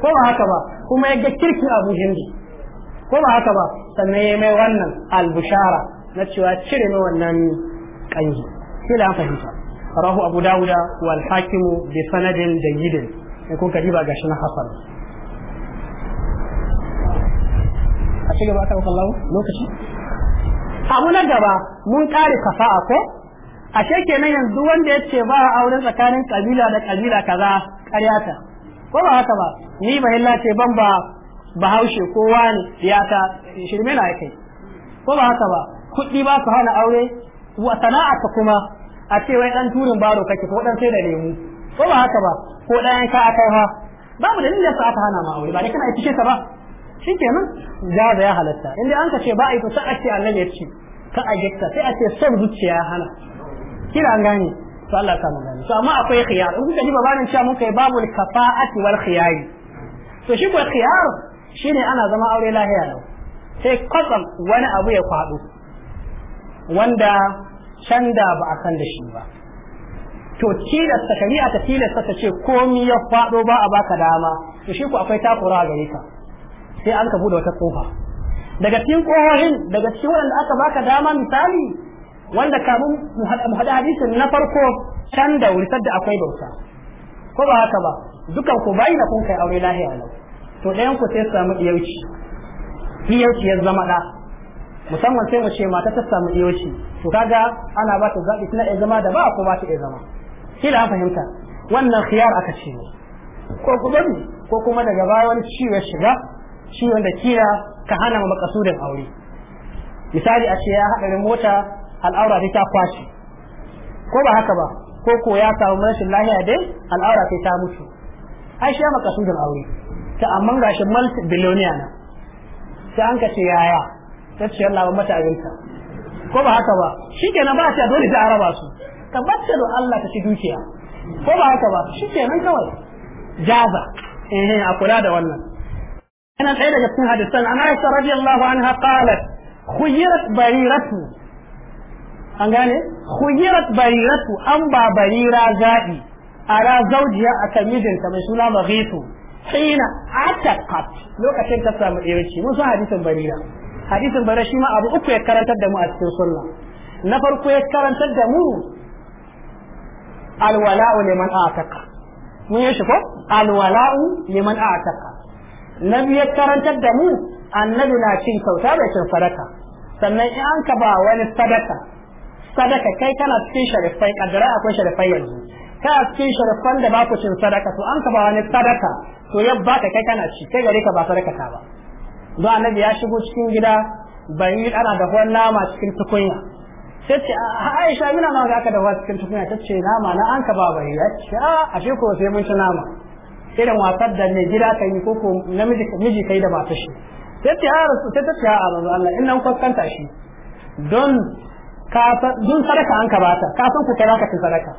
ko ba haka ba kuma ya ga kirki Abu Himda ko ba haka ba sannan yayi mai wannan albushara na cewa cire mai wannan kanji kila an fahimta rahu abu dawuda wal hakimu bi sanadin jayyidin in kun kadiba ga shi na hasan a ci gaba aka kallawo lokaci abu na gaba mun kare kafa'a ko a ashe kenan yanzu wanda ya ce ba auren tsakanin kabila da kabila kaza ta? ko ba haka ba ni ba illa ce ban ba bahaushe ko wani siyata shirme na kai ko ba haka ba kuɗi ba su hana aure wa sana'a kuma a ce wai dan turin baro kake ko ɗan sai da lemu ko ba haka ba ko dan ka akai ha babu dalilin da aka hana ma aure ba ne kana aiki ta ba shikenan jaza ya halatta inda an ka ce ba a yi to sai a ce annabi ya ce ka a gitta sai a ce son zuciya ya hana kira an gane to Allah ta mun gane to amma akwai khiyar in kuka ji babanin cewa mun kai babu kafa'ati wal khiyari to shi ko khiyar shine ana zama aure lahiya lau sai kwatsam wani abu ya kwado wanda Canda ba a san da shi ba to tilasta shari'a ta tilasta ta ce komi ya faɗo ba a baka dama to shi ku akwai takura a gare ka sai an ka bude wata kofa daga cikin kohohin daga cikin wanda aka baka dama misali wanda kamun mu hada hadisin na farko can da wuri da akwai bauta ko ba haka ba dukan ku bai na kun kai aure lahiya lau to ɗayan ku sai samu iyauci iyauci ya zama ɗa musamman sai mu ce mata ta samu iyoci to kaga ana ba ta zabi tana iya zama da ba ko ba ta iya zama kila an fahimta wannan khiyar aka ce ne ko kuma ko kuma daga baya wani ciwo shiga ciwon da kira ka hana ma makasudin aure misali a ce ya haɗarin mota al'aura ta ta ko ba haka ba ko ko ya samu rashin lahiya dai al'aura ta ta mutu ai shi makasudin aure ta amma gashin multi billionaire na sai an ka yaya tace Allah ba mata ayyuka ko ba haka ba shikenan ba ta dole ta araba su tabbata da Allah ta ci dukiya ko ba haka ba shikenan kawai jaza eh eh akula da wannan أنا سعيدة جدا في هذا السنة أنا عائشة رضي الله عنها قالت خيرت بريرته أن قالي خيرت بريرته أنبا بريرة زائي على زوجها أتميد أنت من سنة مغيث حين أعتقت hadisin bare shi ma abu uku ya karantar da mu a cikin sunna na farko ya karantar da mu alwala'u liman a'taka mun yi shi ko alwala'u liman a'taka na biyu ya karantar da mu annabi na cin sauta da cin sadaka sannan in an ka ba wani sadaka sadaka kai kana cikin sharifai kaddara akwai sharifai yanzu kana cikin sharifan da ba ku cin sadaka to an ka ba wani sadaka to ya baka kai kana ci kai gare ka ba sadaka ta ba zo annabi ya shigo cikin gida yi ana da dahuwar nama cikin tukunya sai ce Aisha mina ma ga aka dahuwa cikin tukunya ta ce nama na an ka ba ya ce a ashe ko sai mun ci nama irin wasar da ne gida ka yi ko ko namiji miji kai da mata shi sai ta yara su sai ta ce a rasu Allah in nan kwaskanta shi don ka don sadaka an ka bata ka san ku kai zaka sadaka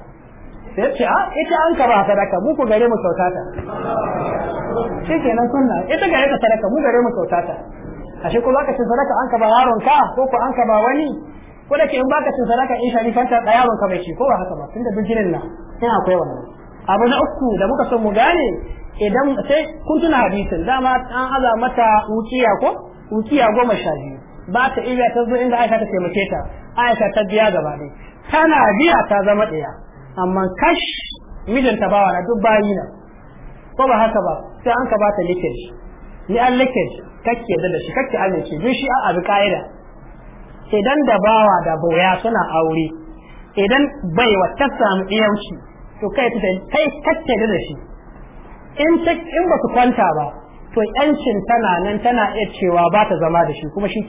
sai ce a ita an ka ba sadaka mu ku gare mu kyauta ta shi kenan sunna ita ga ta sadaka mu gare mu kyauta ta ashe ko baka cin sadaka an ka ba yaron ka ko ko an ka ba wani ko da ke in baka cin sadaka in fanta da yaron ka bai shi ko ba haka ba tunda duk jinin nan in akwai wannan abu na uku da muka son mu gane idan sai kun tuna hadisin dama an aza mata wukiya ko wukiya goma sha biyu ba ta iya ta zo inda aisha ta taimake ta aisha ta biya gaba ne tana biya ta zama ɗaya amma kash mijinta bawa na duk bayi na ko ba haka ba sai an ka ba ta likin ni an likin kake da shi kake amince bi shi a bi ka'ida idan da bawa da boya suna aure idan baiwa ta samu iyauci to kai ta kai kake da shi in in ba su kwanta ba to yancin tana nan tana iya cewa ba ta zama da shi kuma shi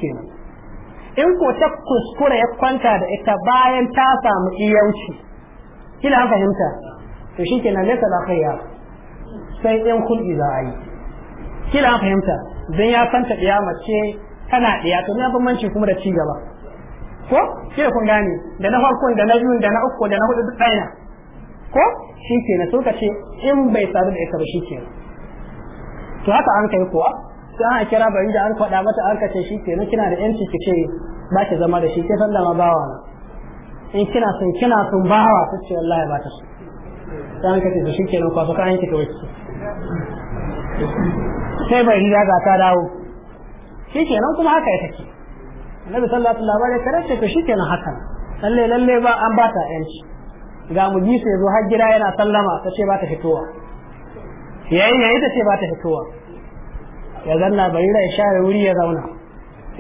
in ko ta kuskura ya kwanta da ita bayan ta samu iyauci kina fahimta to shikenan kenan nesa da sai in hulɗi za a yi kila an fahimta zan ya fanta ɗaya mace tana ɗaya to ya bambanci kuma da cigaba ko da kun gane da na farkon da na biyun da na uku da na hudu duk ɗaya ko shi ke na suka ce in bai sadu da ita ba shi ke to haka an kai kuwa sai an kira bari da an faɗa mata an kace shi ke kina da ƴanci ki ce ba ki zama da shi ke san da ma bawa na in kina son kina son bawa ta ce wallahi ba ta so sai an kace shi ke nan kwaso ka an ta kawai sai bai riga ga ta dawo shi kenan kuma haka ya take annabi sallallahu alaihi wasallam ya karanta to shi kenan haka lalle lalle ba an ba ta yanci ga mu ji sai zo har gida yana sallama ta ce ba ta fitowa yayi yayi ta ce ba ta fitowa ya zanna bai rai share wuri ya zauna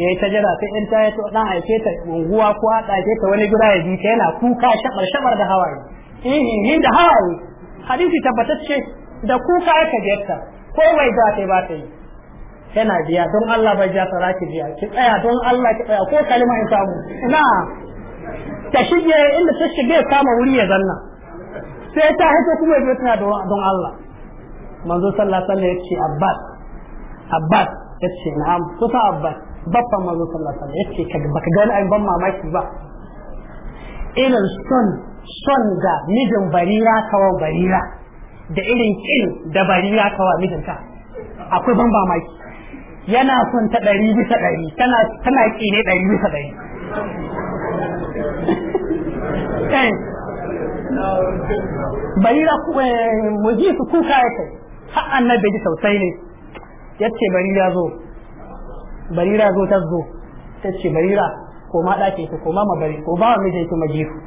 ya yi ta jira sai in ta yi dan aike ta unguwa ko a ɗake ta wani gida ya ji ta yana kuka shabar shabar da hawaye eh da hawaye hadisi tabbatacce da kuka aka ko komai za ta yi ba ta yi Yana biya don Allah bai jasa ta ki biya ki tsaya don Allah ki tsaya ko kalima in samu na ta shige inda ta shige kama wuri ya zanna sai ta hito kuma ya tana don Allah manzo sallallahu alaihi wasallam ya ce abbas abbas ya ce na'am kusa abbas babban manzo sallallahu alaihi wasallam ya ce baka gani an ban mamaki ba irin son son da mijin barira kawo barira da irin kin da bari ya kawa mijinta akwai ban mamaki yana son ta ɗari bisa ɗari tana tana kine ɗari bisa ɗari barira muji su eh, kuka ya kai ha annabi ji sosai ne yace barira zo barira zo ta zo tace barira ma ɗake ku, ko ma ma bari ko ba mijinki majifu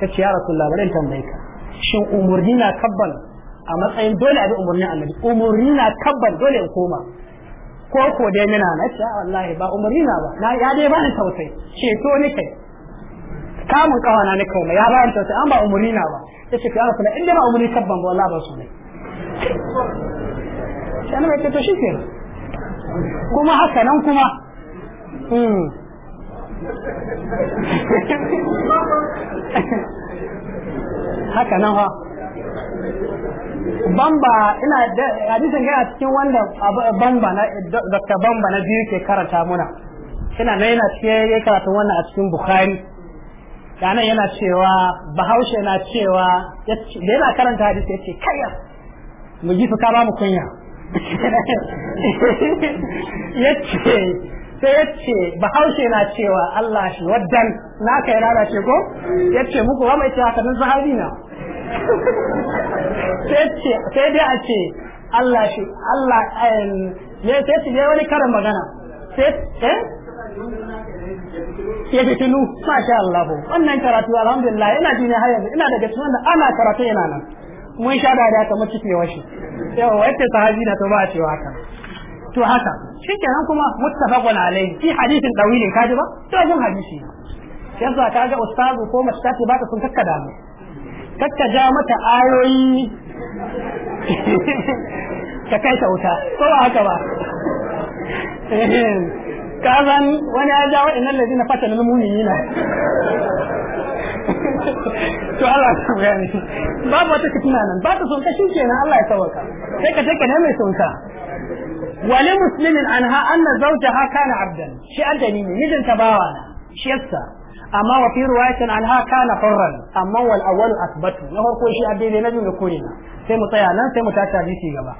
tace ya rasulullah bari tambaye ka shin umurni na kabbala a matsayin dole a bi umarnin annabi umarni na kabbar dole in koma ko ko dai nuna na ce ah, wallahi ba umarni na ba na ya dai ba ni tausayi ceto ni kai kamun kawana ni kai ya ba ni tausayi an ba umarni na ba ta ka rasu in dai ba umarni tabban ba wallahi ba su ne sai mai ce shi ke kuma haka nan kuma hmm. (laughs) haka nan ha bamba ina da hadisin ga cikin wanda bamba na dr bamba na biyu ke karanta muna ina na yana ce ya karanta wannan a cikin bukhari kana yana cewa bahaushe na cewa da yana karanta hadisi yace kayya mu ji ka ba mu kunya (laughs) yace sai yace bahaushe na cewa Allah shi waddan naka yana da shi ko yace muku wa mai cewa kadan sahabi na (laughs) sai dai a ce Allah shi Allah ne sai su wani karin magana sai eh ya fitinu masha Allah wannan karatu alhamdulillah ina jini har yanzu ina daga cikin da ana karatu yana nan mun sha da ya kamar cike washi yawa wacce sahabi na to ba a cewa haka to haka shi kenan kuma muttafaqun alaihi fi hadithin dawilin kaji ba to jin hadisi yasa kaga ustazu ko mastati ba ka sun kakkada mu kakka ja mata ayoyi ka kai ta wuta ko ba haka ba ka zan wani ya ja waɗannan na fata na mumini na to Allah ya gani babu wata fitina nan ba ta son ka kenan Allah ya sauka sai ka take ne mai son ka wali muslimin anha anna zawjaha kana abdan shi addani ne mijinta bawa na shi yasa amma wa fi riwayatin anha kana hurran amma wal awwalu asbatu na farko shi addini na jin kore na sai mu tsaya nan sai mu tashi hadisi gaba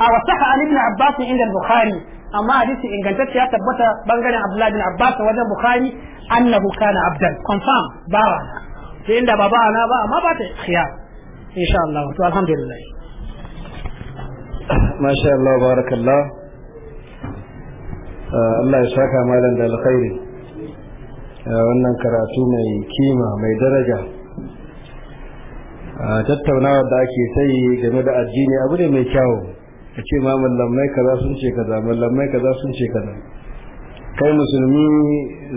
a wasaha an ibn abbas inda bukhari amma hadisi ingantacce ya tabbata bangaren abdullahi bin abbas wajen bukhari annahu kana abdan confirm bawa na sai inda baba ana ba amma ba ta khiyar insha Allah to alhamdulillah masha Allah barakallah uh, Allah ya saka malam da alkhairi wannan karatu mai kima mai daraja a tattaunawa da ake sai game da addini abu ne mai kyawu a ce ma mallamai kaza sun ce kaza mallamai kaza sun ce kaza kai musulmi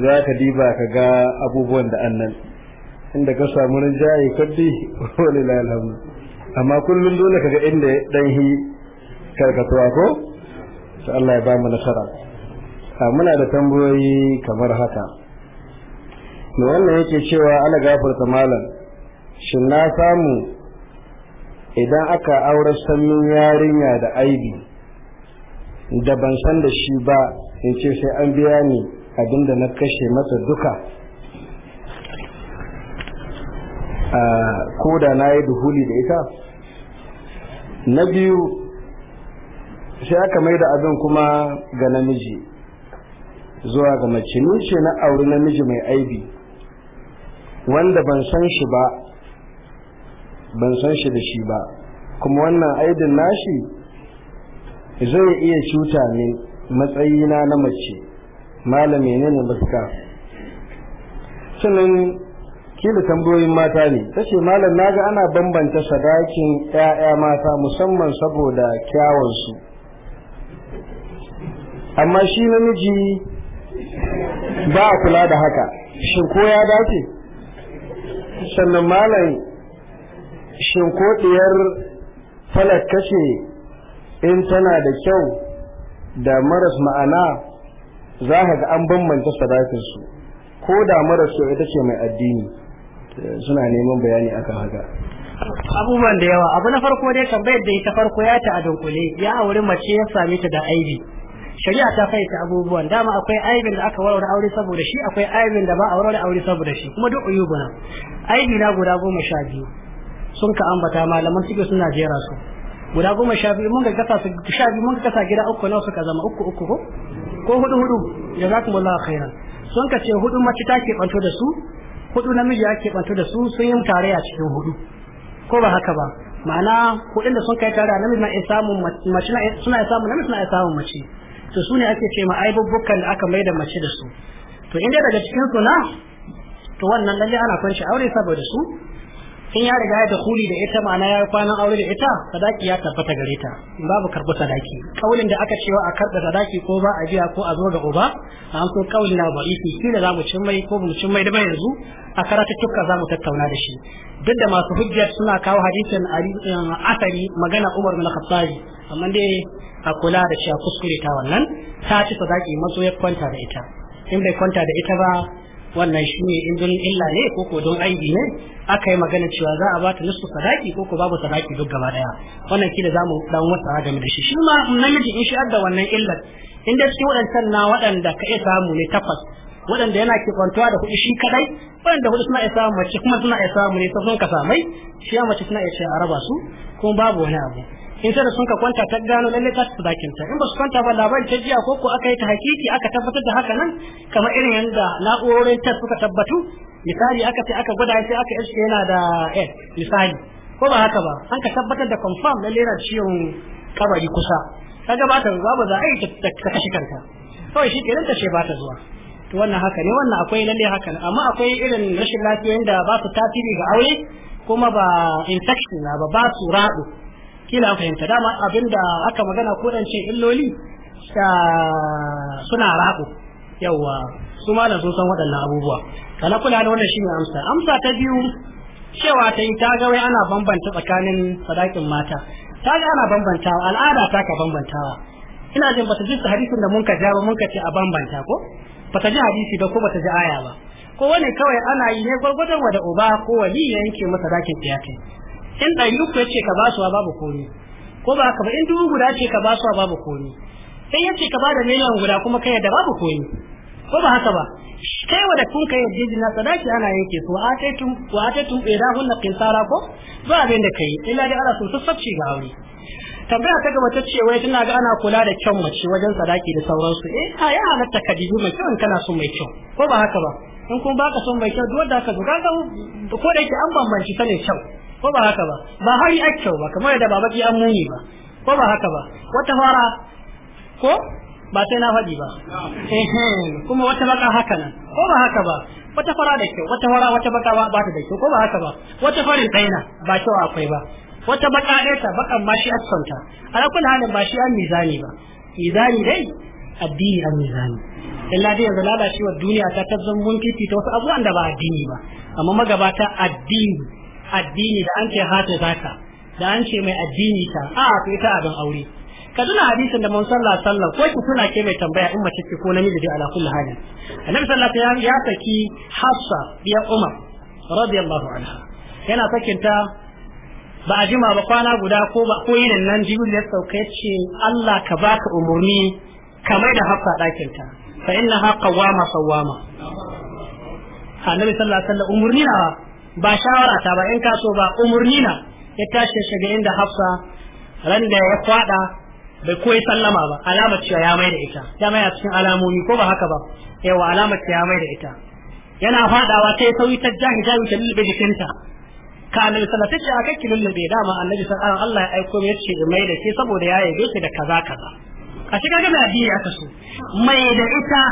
za ka diba ka ga abubuwan da annan inda ka samu rinjaye kaddi (laughs) wani lalhamu amma kullum dole ka ga inda dan hi karkatuwa ko to Allah ya ba mu nasara muna da tambayoyi kamar haka to wannan yake cewa ana gafarta malam shin na samu idan aka aure sannin yarinya da aibi da ban san da shi ba in ce sai an biya ni abinda na kashe masa duka ko da na yi duhuli da ita na biyu sai aka mai da abin kuma ga namiji zuwa ga mace ce na auri namiji mai aibi wanda ban san shi ba ban san shi da shi ba kuma wannan aidin nashi zai iya cuta ne matsayina na mace malami ne na baska sannan kila tambayoyin mata ne ta ce malam na ga ana bambanta sadakin 'ya'ya mata musamman saboda su amma shi namiji ba a kula da haka shin ko ya dace sannan malam shin ko diyar falak kace in tana da kyau da maras ma'ana za ka ga an bambanta sadakin ko da maras kyau ita ce mai addini suna neman bayani aka haka abubuwan da yawa abu na farko dai tambayar da ita farko ya ta a dunkule ya auri mace ya same ta da aibi shari'a ta fayyace abubuwan dama akwai aibin da aka warware aure saboda shi akwai aibin da ba a warware aure saboda shi kuma duk uyubuna aibi na guda goma sha biyu sun ka ambata malaman suke suna jera su guda goma sha biyu mun ga kasa su sha biyu mun ga kasa gida uku na suka zama uku uku ko ko hudu hudu jazakumullahu khairan sun ka ce hudu mace ta ke banto da su hudu namiji ya ke banto da su sun yi tare a cikin hudu ko ba haka ba ma'ana kudin da sun kai tare a namiji na iya samun mace suna iya samun namiji suna iya samun mace to su ne ake ce ma aibubbukan da aka mai da mace da su to inda daga cikin su na to wannan lalle ana kwanci aure saboda su in ya riga da kuli da ita ma'ana ya kwana aure da ita sadaki ya tabbata gare ta in babu karɓi sadaki kaulin da aka cewa a karɓi sadaki ko ba a biya ko a zo ga uba a an so na ba isi shi da zamu cin mai ko mu cin mai da yanzu a karatuttuka zamu tattauna da shi duk da masu hujjar suna kawo hadisin asari eh, magana Umar bin Khattabi amma dai a kula da cewa kuskure ta wannan ta ci sadaki maso ya kwanta da ita in bai kwanta da ita ba wannan shi ne in don illa ne ko ko don aibi ne aka yi magana cewa za a bata nusu sadaki ko ko babu sadaki duk gaba daya wannan da zamu dan wata game da shi shi ma namiji in shi adda wannan illar in da cikin waɗancan na waɗanda ka iya samu ne tabbas waɗanda yana ke kwantuwa da kuɗi shi kadai waɗanda kuɗi suna iya samu mace kuma suna iya samu ne ta sun ka samai shi ya mace suna iya ce a raba su kuma babu wani abu in sai da sun ka kwanta ta gano lalle ta su zakin ta in ba su kwanta ba labari ta jiya ko ko aka yi ta hakiki aka tabbatar da haka nan kamar irin yanda na'urorin ta suka tabbatu misali aka ce aka gwada sai aka iske yana da eh misali ko ba haka ba an ka tabbatar da confirm lalle yana ciwon kabari kusa kaga ba ta zuwa ba za a yi ta kashe kanta kawai shi kenan ta ce ba ta zuwa to wannan haka ne wannan akwai lalle haka amma akwai irin rashin lafiyoyin da ba su tasiri ga aure kuma ba infection na ba ba su raɗo. kila fahimta dama abinda aka magana ko dan ce illoli ah, suna rako yawa su ma sun waɗannan abubuwa kana kula da wannan shine amsa amsa ta biyu cewa ta yi ta ga wai ana bambanta tsakanin sadakin mata ta ga ana bambantawa al'ada ta ka bambantawa ina jin bata ji hadisin da mun ka ja ba mun ka ce a bambanta ko bata ji hadisi ba ko bata ji aya ba ko wani kawai ana yi ne gwargwadon wa da uba ko wali ya yanke masa dakin tiyatai in ɗari uku ya ce ka basuwa babu komi ko ba haka ba in dubu guda ce ka basuwa babu komi sai ya ce ka bada miliyan guda kuma kai da babu komi ko ba haka ba kai wa da kun kai yadda jina sadaki ana yanke su a tun wa a kai tun ɗera hunna kinsara ko ba abin da kai ina da ana sun sassabci ga aure tambaya ta gaba ta ce wai tana ga ana kula da kyan mace wajen sadaki da sauransu eh a ya halatta ka jibi mai kyan kana son mai kyau ko ba haka ba in kun baka son mai kyau duk wanda ka zuga ko da yake an bambanci sanin kyau ko ba haka ba ba hari a kyau ba kamar da babaki an muni ba ko ba haka ba wata fara ko ba sai na faɗi ba kuma wata baka haka nan ko ba haka ba wata fara da kyau wata fara wata baka ba ba ta da kyau ko ba haka ba wata farin ɗaya ba kyau akwai ba wata baka ɗaya ta bakan ba shi asfanta a rakun halin ba shi an mizani ba mizani dai addini an mizani Allah dai yanzu lalacewar duniya ta tazzan mun ta wasu abubuwan da ba addini ba amma magabata addini addini da an ce hata zaka da an ce mai addini ta a to ita abin aure ka tuna hadisin da manzon Allah sallallahu ko ki tuna ke mai tambaya in mace ce ko namiji dai ala kulli hali annabi sallallahu alaihi wasallam ya saki Hafsa biya Umar radiyallahu anha yana sakinta ba a jima ba kwana guda ko ba ko yin nan jibril ya sauka ce Allah ka baka umurni kamar da Hafsa dakin ta fa innaha qawama sawama annabi sallallahu alaihi wasallam umurni na ba shawara ta ba in kaso ba umurni na ya tashi shiga inda hafsa ran da ya kwada bai koyi sallama ba alamar cewa ya mai da ita dama ya cikin alamomi ko ba haka ba yawa alamar cewa ya mai da ita yana fadawa sai sauyi ta jahi jahi ta lulluɓe jikinta kamil salatu ce akai ki lulluɓe dama annabi sallallahu Allah ya aiko mai ce mai da ke saboda ya yabe ki da kaza kaza a cikin gaba addini aka so mai da ita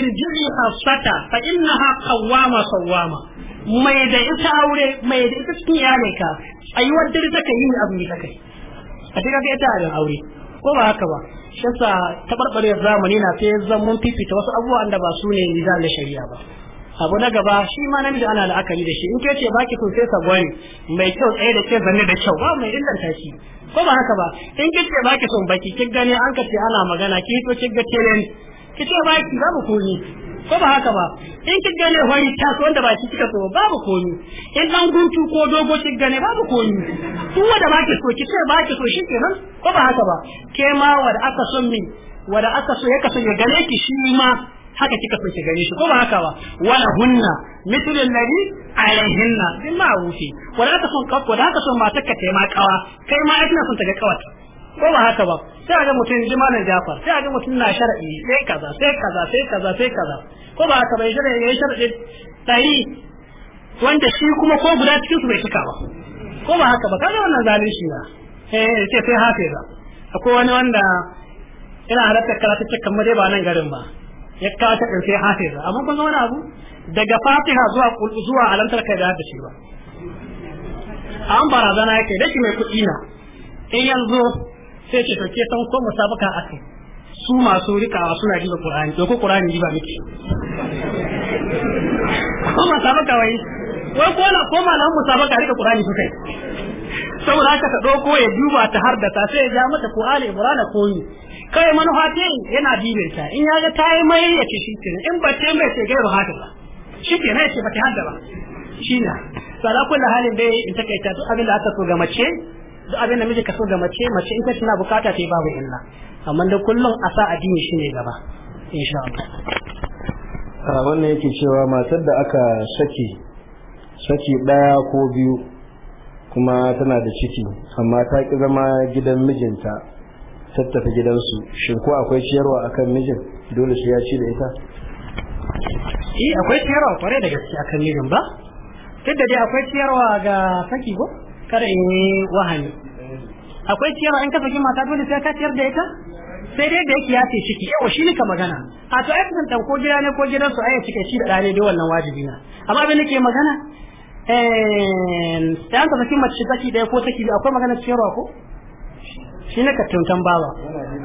irji'i hafsata fa innaha qawwama sawwama mai da ita aure mai da ita cikin iyalinka tsayuwar dare take yi abin da kai a cikin ka ita da aure ko ba haka ba shasa tabarbarewar zamani na sai zan mun fifita wasu abubuwan da ba su ne nizar shari'a ba abu na gaba shi ma da ana la'akari da shi in ke ce baki kun sai sagwari mai kyau tsaye da ke zanne da kyau ba mai illanta tashi ko ba haka ba in ke ce baki son baki kin gani an ka ce ana magana ki to kin ga telen ki ce baki za mu kuni ko ba haka ba in kin gane hori ta so wanda ba shi kika so babu komi in dan gutu ko dogo kin gane babu komi duk wanda ba ki so ki ce ba ki so shi kenan ko ba haka ba ke ma wanda aka son min wanda aka so ya kasance gane ki shi ma haka kika so ki gane shi ko ba haka ba wala hunna mithlu alladhi alaihinna bil ma'ruf wanda aka son kafa wanda aka son matar ka kai ma kawa kai ma ina son ta ga kawata ko ba haka ba sai ga mutum ji malam Jafar sai ga mutum na shar'i sai kaza sai kaza sai kaza sai kaza ko ba haka bai shar'i ya shar'i Sai wanda shi kuma ko guda cikin su bai cika ba ko ba haka ba kaga wannan zalunci ba eh ce sai hafiza akwai wani wanda ina halatta karatu ce kamar dai ba nan garin ba ya kawo ta ɗin sai hafiza amma kun wani abu daga fatiha zuwa zuwa alantar kai da shi ba an barazana yake da shi mai kuɗi na in yanzu sai ce sauke ke san ko musabaka kai su masu rikawa suna jiba qur'ani ko qur'ani jiba miki ko musabaka wai wai ko na ko malamin musabaka rika qur'ani sosai saboda haka ka ɗauko ya duba ta har da ta sai ya ja mata ko ali ibrana ko ni kai manufa ce yana dibe ta in ya ga tayi mai ya ce shi kenan in ba ce mai ce ba haka ba shi kenan ya ce ba ta hadda ba shi na tsara kula halin bai in takaita duk abin da aka so ga mace duk abin da miji kaso ga mace mace in ta suna bukata ta babu illa amma da kullum a sa addini shine gaba insha Allah wannan yake cewa matar da aka saki saki daya ko biyu kuma tana da ciki amma ta ki zama gidan mijinta tattafa gidansu shin ko akwai ciyarwa akan mijin dole shi ya ci da ita eh akwai ciyarwa kware da gaske akan mijin ba duk dai akwai ciyarwa ga saki ko kada in yi wahani akwai ciyarwa in ka saki mata dole sai ka ciyar da ita sai dai da yake ya ce ciki yawa shi ka magana a to ai san ko gida ne ko gidan su ai cike shi da dare dai wannan wajibi na amma abin nake ke magana eh dan ka saki mace saki da ko saki akwai magana ciyarwa ko shi ne ka tuntan baba.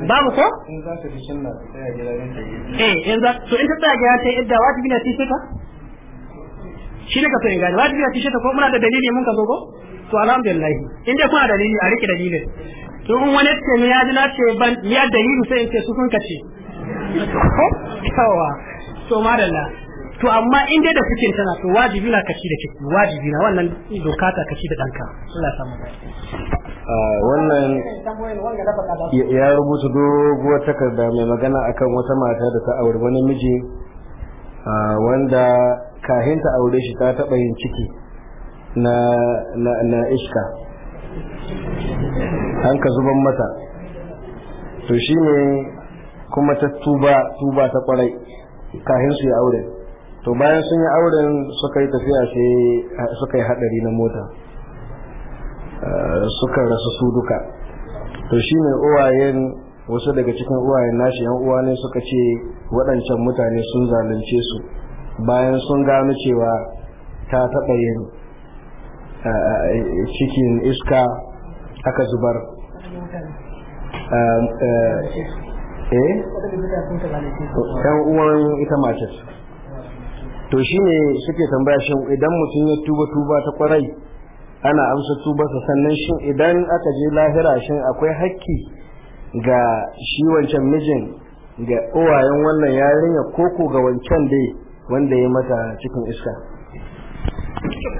babu ko in za ta sunna ta tsaya gida ne eh in za to in ta tsaya gida ta idda wajibi na ci ta shi ne ka so in gani wajibi na ci ta ko muna da dalili mun ka zo ko to alhamdulillah in dai kuna dalili a rike dalilin to in wani ce ne ya ji na ce ban ya dalili sai in ce su kun kace kawa to madalla to amma in dai da kuke tana to wajibi na kaci da kiki wajibi na wannan doka ta kaci da danka Allah ya samu ah, wannan ya rubuta doguwar takarda mai magana akan wata mata da ta aure wani miji ah, wanda kahinta aure shi ta taɓa yin ciki na na na iska an ka zuban mata to shine kuma ta tuba tuba ta kwarai kafin su yi auren to bayan sun yi auren suka yi tafiya sai suka yi hadari na mota eh, suka rasu su duka to shine uwayen wasu daga cikin uwayen nashi yan uwa ne suka ce waɗancan mutane sun zalunce su bayan sun gano cewa ta taɓa yin cikin iska aka zubar um, uh, eh ɗan uwan ita mace to ne suke tambaya shin idan mutum ya tuba tuba ta kwarai ana amsa sa sannan shi idan aka je lahira shin akwai hakki ga shi wancan mijin ga uwayen wannan yarinya koko ga wancan dai wanda ya mata cikin iska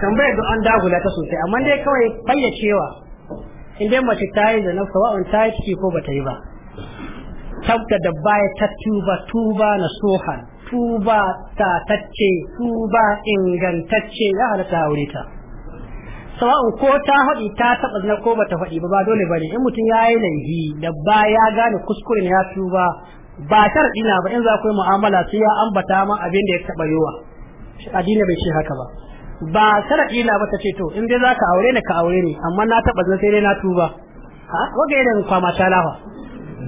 tambayar da an dagula ta sosai amma dai kawai fayyacewa in dai mace ta yi da nafsa wa'un ta yi ciki ko ba yi ba tabta da baya ta tuba tuba na sohan tuba ta tacce tuba ingantacce ya halatta aure ta sawa'un ko ta haɗi ta taɓa zina ko bata faɗi ba ba dole ba ne in mutum ya yi laifi da ba ya gane kuskuren ya tuba ba tar ina ba in za ku yi mu'amala sai ya ambata ma abin da ya taɓa yiwa addini bai ce haka ba ba sharadi na ba ta ce to in dai za ka aure ni ka aure ni amma na taba zan sai dai na tuba ha ga irin kwama ta lafa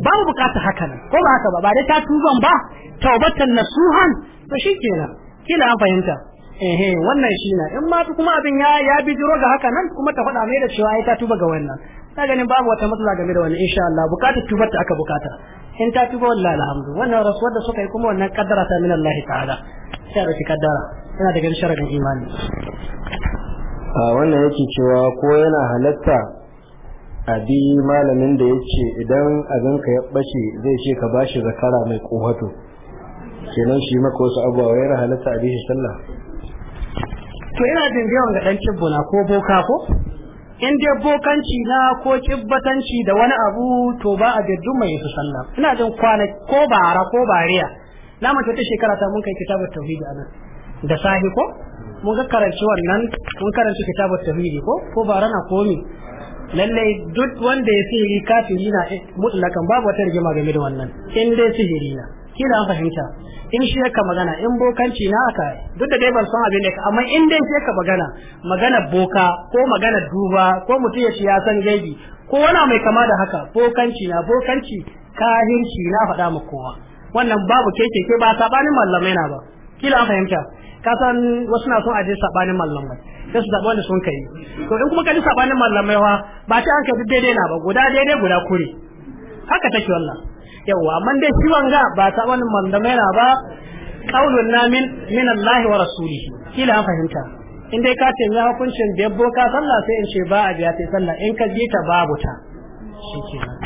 babu bukata haka nan ko ba haka ba ba dai ta tuban ba taubatan nasuhan to kenan kila an fahimta eh wannan shi na in ma kuma abin ya ya bi jiro ga haka nan kuma ta faɗa mai da cewa ya ta tuba ga wannan ta ganin babu wata matsala game da wannan insha Allah bukatar tubar ta aka bukata in ta tuba wallahi alhamdu wannan rasuwar da suka yi kuma wannan kaddara ta min Allah ta'ala sai da kaddara yana daga sharadin imani a wannan yake cewa ko yana halatta a bi malamin da ce idan abin ka ya bace zai ce ka bashi zakara mai kohato kenan shi maka wasu abubuwa yana halatta a bi shi sallah to yana jin yawan ga dan kibbuna ko boka ko in dai bokanci na ko kibbatanci da wani abu to ba a gaddu mai su sallah ina jin kwana ko bara ko bariya na mace ta shekara ta mun kai kitabar tauhidi anan da sahi ko mun ga karanci wannan mun karanci kitabar tauhidi ko ko ba rana ko mi lallai duk wanda ya sihiri kafiri na eh, mutlakan babu wata rigima game da wannan in dai sihiri na ki da fahimta in shi ka magana in bokanci na aka duk da dai ban san abin da ka amma in dai shi ka magana magana boka ko magana duba ko mutum ya shi ya san gaibi ko wani mai kama da haka bokanci na bokanci kahinci na faɗa ma kowa wannan babu keke ke ba sabanin mallamai na ba kila an fahimta ka san wasu na son a sabanin mallamai sai su zaɓi wanda sun kai to in kuma ka ji sabanin mallamai wa ba ta an kai daidai na ba guda daidai guda kure haka take wallah wa amma dai shi wanga ba sabanin mallamai na ba qaulun na min min Allah wa rasulihi kila an fahimta in dai ka ce ya hukuncin da yabbo ka sallah sai in ce ba a biya sai sallah in ka ji ta babu ta shikenan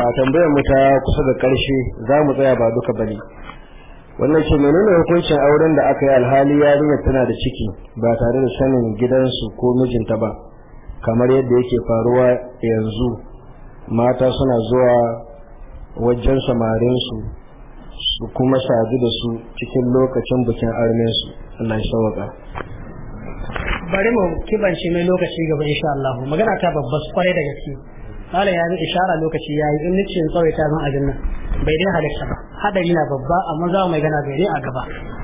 a tambayar mu ta kusa da karshe za mu tsaya ba duka bane wannan ce menene hukuncin auren da aka yi alhali yarinya tana da ciki ba tare da sanin gidansu ko mijinta ba kamar yadda yake faruwa yanzu mata suna zuwa wajen samarinsu su kuma sadu da su cikin lokacin bikin armensu Allah ya sauka bari mu kibance mai lokaci gaba insha Allah magana ta babba kwarai da gaske malam ya yi ishara lokaci yayi in nace in tsawaita zan ajin nan bai dai halitta ba hadari na babba amma za mu mai gana bai dai a gaba